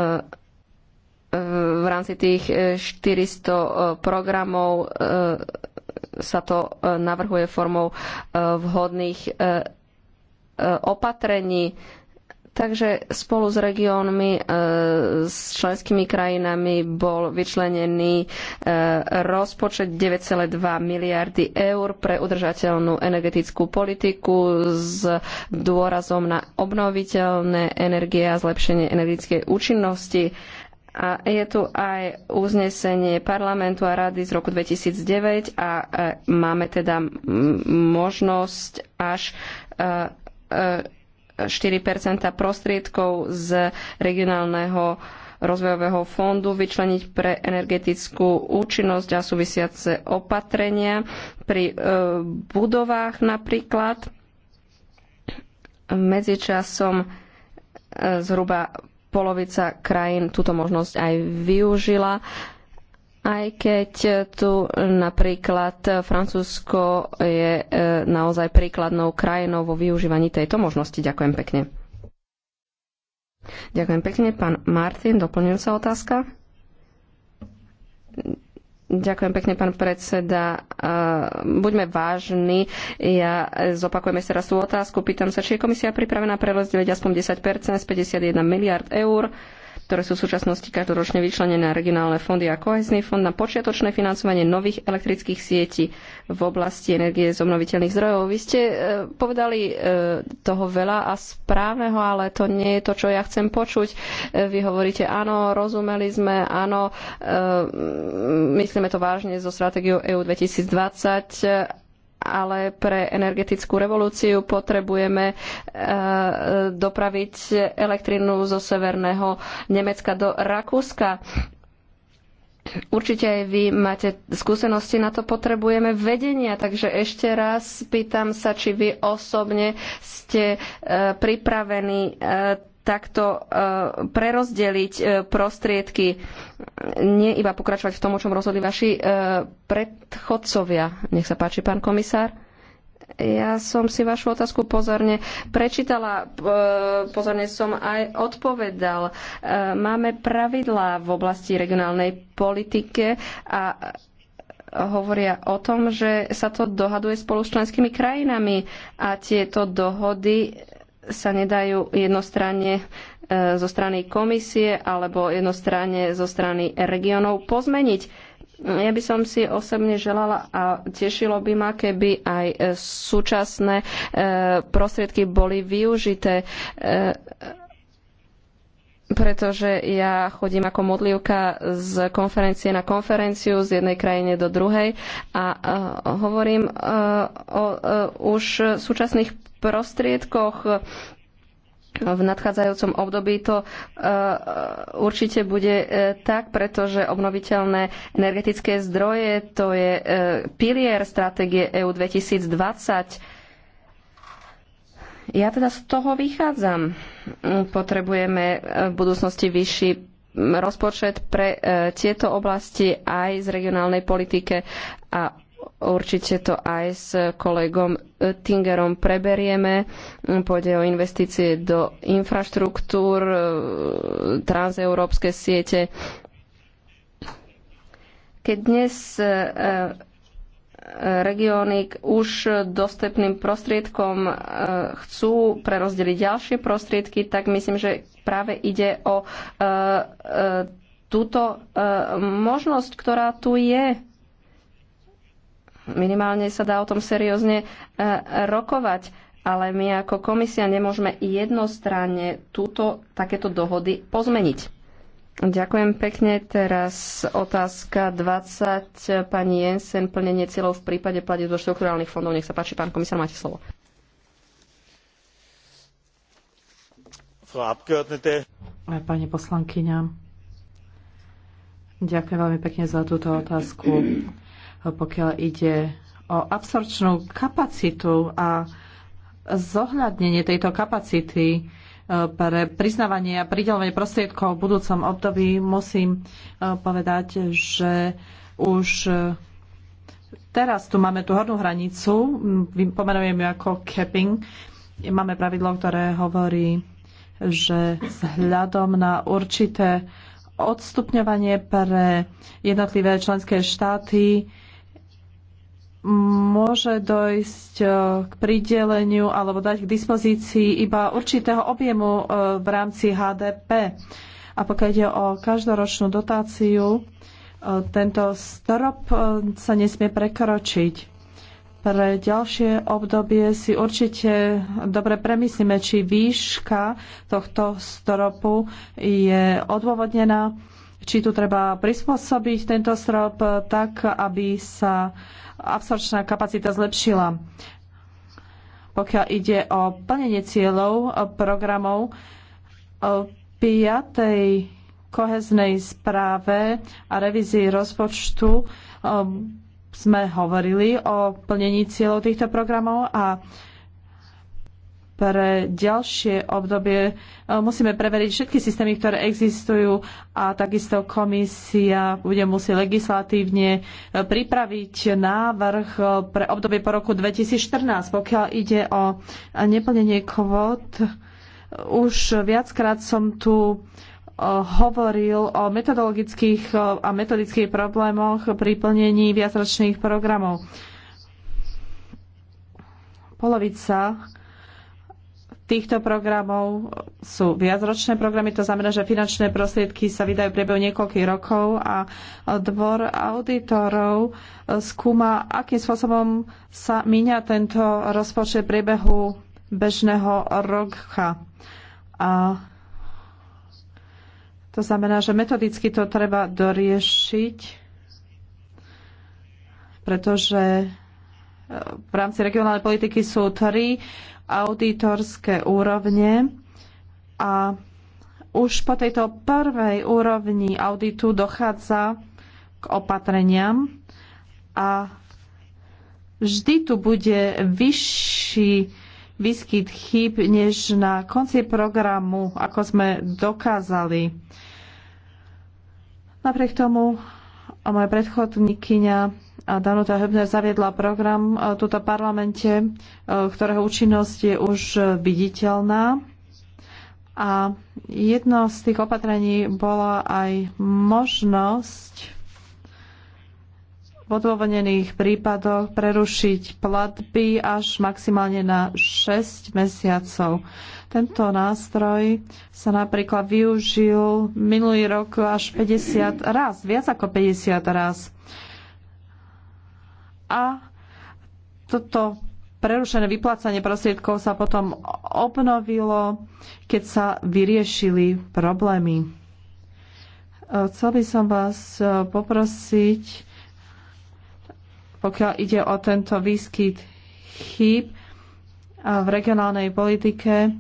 v rámci tých 400 e, programov sa to navrhuje formou vhodných opatrení. Takže spolu s regiónmi, e, s členskými krajinami bol vyčlenený e, rozpočet 9,2 miliardy eur pre udržateľnú energetickú politiku s dôrazom na obnoviteľné energie a zlepšenie energetickej účinnosti. A je tu aj uznesenie parlamentu a rady z roku 2009 a e, máme teda možnosť až 4 prostriedkov z regionálneho rozvojového fondu vyčleniť pre energetickú účinnosť a súvisiace opatrenia pri e, budovách napríklad. Medzičasom e, zhruba polovica krajín túto možnosť aj využila. E, aj keď e, tu e, napríklad e, Francúzsko je naozaj príkladnou krajinou vo využívaní tejto možnosti. Ďakujem pekne. Ďakujem pekne. Pán Martin, doplňujúca otázka? Ďakujem pekne, pán predseda. Buďme vážni. Ja zopakujem ešte raz tú otázku. Pýtam sa, či je komisia pripravená prerozdeliť aspoň 10 z 51 miliard eur ktoré sú v súčasnosti každoročne vyčlenené na regionálne fondy a kohezný fond na počiatočné financovanie nových elektrických sietí v oblasti energie z obnoviteľných zdrojov. Vy ste e, povedali e, toho veľa a správneho, ale to nie je to, čo ja chcem počuť. E, vy hovoríte, áno, rozumeli sme, áno, myslíme to vážne zo stratégiou EU 2020 ale pre energetickú revolúciu potrebujeme e, dopraviť elektrinu zo severného Nemecka do Rakúska. Určite aj vy máte skúsenosti, na to potrebujeme vedenia, takže ešte raz pýtam sa, či vy osobne ste e, pripravení e, takto e, prerozdeliť e, prostriedky, nie iba pokračovať v tom, o čom rozhodli vaši e, predchodcovia. Nech sa páči, pán komisár. Ja som si vašu otázku pozorne prečítala, pozorne som aj odpovedal. Máme pravidlá v oblasti regionálnej politike a hovoria o tom, že sa to dohaduje spolu s členskými krajinami a tieto dohody sa nedajú jednostranne e, zo strany komisie alebo jednostranne zo strany regionov pozmeniť. Ja by som si osobne želala a tešilo by ma, keby aj e, súčasné e, prostriedky boli využité pretože ja chodím ako modlivka z konferencie na konferenciu z jednej krajine do druhej a e, hovorím e, o e, už súčasných prostriedkoch v nadchádzajúcom období to určite bude tak, pretože obnoviteľné energetické zdroje to je pilier stratégie EU 2020 ja teda z toho vychádzam. Potrebujeme e, v budúcnosti vyšší rozpočet pre e, tieto oblasti aj z regionálnej politike a určite to aj s kolegom Tingerom preberieme. Pôjde o investície do infraštruktúr, e, transeurópske siete. Keď dnes regióny už dostupným prostriedkom e, chcú prerozdeliť ďalšie prostriedky, tak myslím, že práve ide o e, e, túto možnosť, ktorá tu je. Minimálne sa dá o tom seriózne rokovať, ale my ako komisia nemôžeme jednostranne túto, takéto dohody pozmeniť. Ďakujem pekne. Teraz otázka 20. Pani Jensen, plnenie cieľov v prípade platieb zo štrukturálnych fondov. Nech sa páči, pán komisár, máte slovo. Pani poslankyňa, ďakujem veľmi pekne za túto otázku. Pokiaľ ide o absorčnú kapacitu a zohľadnenie tejto kapacity pre priznávanie a pridelovanie prostriedkov v budúcom období musím e, povedať, že už e, teraz tu máme tú hornú hranicu, pomenujem ju ako capping. Máme pravidlo, ktoré hovorí, že vzhľadom na určité odstupňovanie pre jednotlivé členské štáty môže dojsť e, k prideleniu alebo dať k dispozícii iba určitého objemu e, v rámci HDP. A pokiaľ ide o každoročnú dotáciu, e, tento strop sa nesmie prekročiť. Pre ďalšie obdobie si určite dobre premyslíme, či výška tohto stropu je odôvodnená či tu treba prispôsobiť tento strop tak, aby sa absorčná kapacita zlepšila. Pokiaľ ide o plnenie cieľov programov, v piatej koheznej správe a revízii rozpočtu um, sme hovorili o plnení cieľov týchto programov a pre ďalšie obdobie e, musíme preveriť všetky systémy, ktoré existujú a takisto komisia bude musieť legislatívne e, pripraviť návrh e, pre obdobie po roku 2014. Pokiaľ ide o neplnenie kvót, už viackrát som tu hovoril o metodologických a metodických problémoch pri plnení viacročných programov. Polovica týchto programov sú viacročné programy, to znamená, že finančné prostriedky sa vydajú priebehu niekoľkých rokov a dvor auditorov e, skúma, akým spôsobom sa míňa tento rozpočet priebehu bežného roka. A to znamená, že metodicky to treba doriešiť, pretože e, v rámci regionálnej politiky sú tri auditorské úrovne a už po tejto prvej úrovni auditu dochádza k opatreniam a vždy tu bude vyšší výskyt chýb než na konci programu, ako sme dokázali. Napriek tomu moja predchodníkyňa Danuta Hebner zaviedla program e, v tuto parlamente, e, ktorého účinnosť je už viditeľná. A jedno z tých opatrení bola aj možnosť v odôvodnených prípadoch prerušiť platby až maximálne na 6 mesiacov. Tento nástroj sa napríklad využil minulý rok až 50 raz, viac ako 50 raz a toto prerušené vyplácanie prostriedkov sa potom obnovilo, keď sa vyriešili problémy. E, chcel by som vás e, poprosiť, pokiaľ ide o tento výskyt chýb e, v regionálnej politike,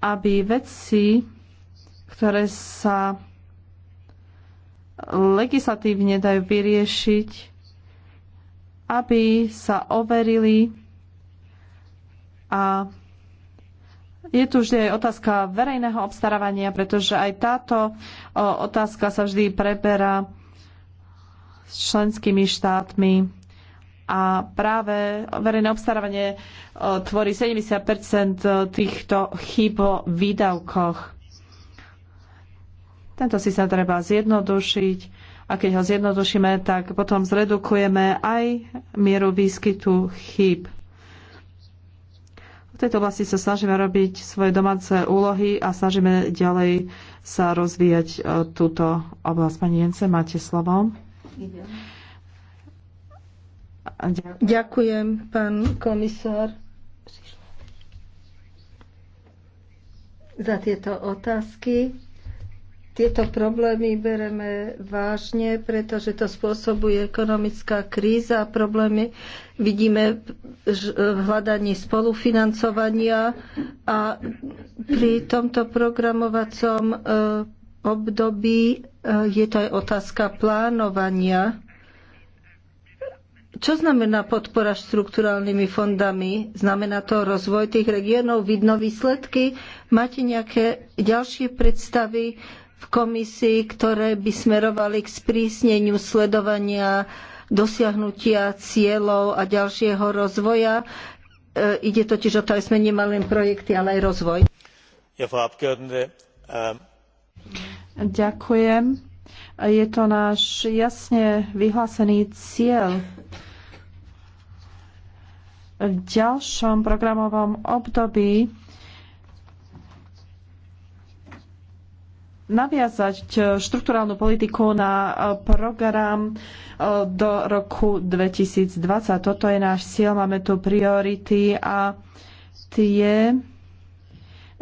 aby vedci, ktoré sa legislatívne dajú vyriešiť, aby sa overili a je tu vždy aj otázka verejného obstarávania, pretože aj táto otázka sa vždy preberá s členskými štátmi a práve verejné obstarávanie tvorí 70 týchto chýb o výdavkoch. Tento systém treba zjednodušiť a keď ho zjednodušíme, tak potom zredukujeme aj mieru výskytu chýb. V tejto oblasti sa snažíme robiť svoje domáce úlohy a snažíme ďalej sa rozvíjať e, túto oblasť. Pani Jence, máte slovo. Ďakujem. Ďakujem, pán komisár, za tieto otázky. Tieto problémy bereme vážne, pretože to spôsobuje ekonomická kríza a problémy vidíme e, v hľadaní spolufinancovania a pri tomto programovacom e, období e, je to aj otázka plánovania. Čo znamená podpora štruktúralnými fondami? Znamená to rozvoj tých regiónov? Vidno výsledky? Máte nejaké ďalšie predstavy? v komisii, ktoré by smerovali k sprísneniu sledovania dosiahnutia cieľov a ďalšieho rozvoja. E, ide totiž o to, aby sme nemali len projekty, ale aj rozvoj. E, Ďakujem. Je to náš jasne vyhlásený cieľ. V ďalšom programovom období naviazať e, štruktúrálnu politiku na e, program e, do roku 2020. Toto je náš cieľ, máme tu priority a tie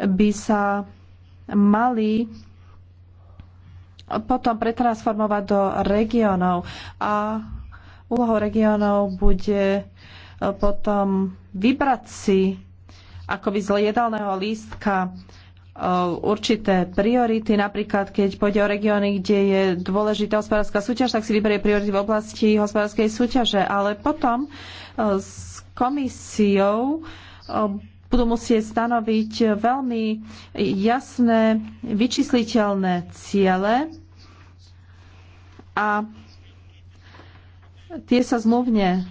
by sa mali potom pretransformovať do regiónov a úlohou regiónov bude potom vybrať si akoby z jedálneho lístka Eh, určité priority, napríklad keď pôjde o regióny, kde je dôležitá hospodárska súťaž, tak si vyberie priority v oblasti hospodárskej súťaže, ale potom eh, s komisiou eh, budú musieť stanoviť veľmi jasné, vyčísliteľné ciele a tie sa zmluvne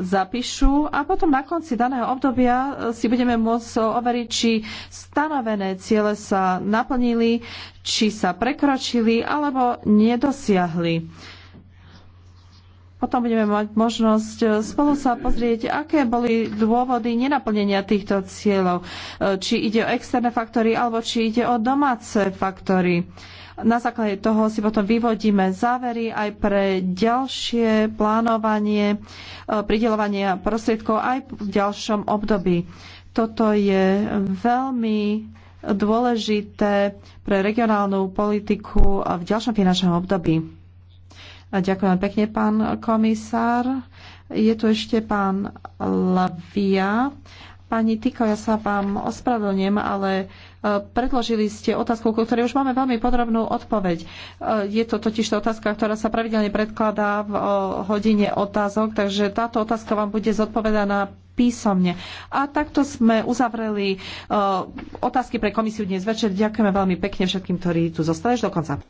zapíšu a potom na konci daného obdobia e, si budeme môcť e, overiť, či stanovené ciele sa naplnili, či sa prekročili alebo nedosiahli. Potom budeme mať možnosť e, spolu sa pozrieť, aké boli dôvody nenaplnenia týchto cieľov. Či ide o externé faktory alebo či ide o domáce faktory na základe toho si potom vyvodíme závery aj pre ďalšie plánovanie, e, pridelovania prostriedkov aj v ďalšom období. Toto je veľmi dôležité pre regionálnu politiku v ďalšom finančnom období. Ďakujem pekne, pán komisár. Je tu ešte pán Lavia. Pani Tiko, ja sa vám ospravedlňujem, ale Predložili ste otázku, ku ktorej už máme veľmi podrobnú odpoveď. E, je to totiž to otázka, ktorá sa pravidelne predkladá v hodine otázok, takže táto otázka vám bude zodpovedaná písomne. A takto sme uzavreli e, otázky pre komisiu dnes večer. Ďakujeme veľmi pekne všetkým, ktorí tu zostali až do konca.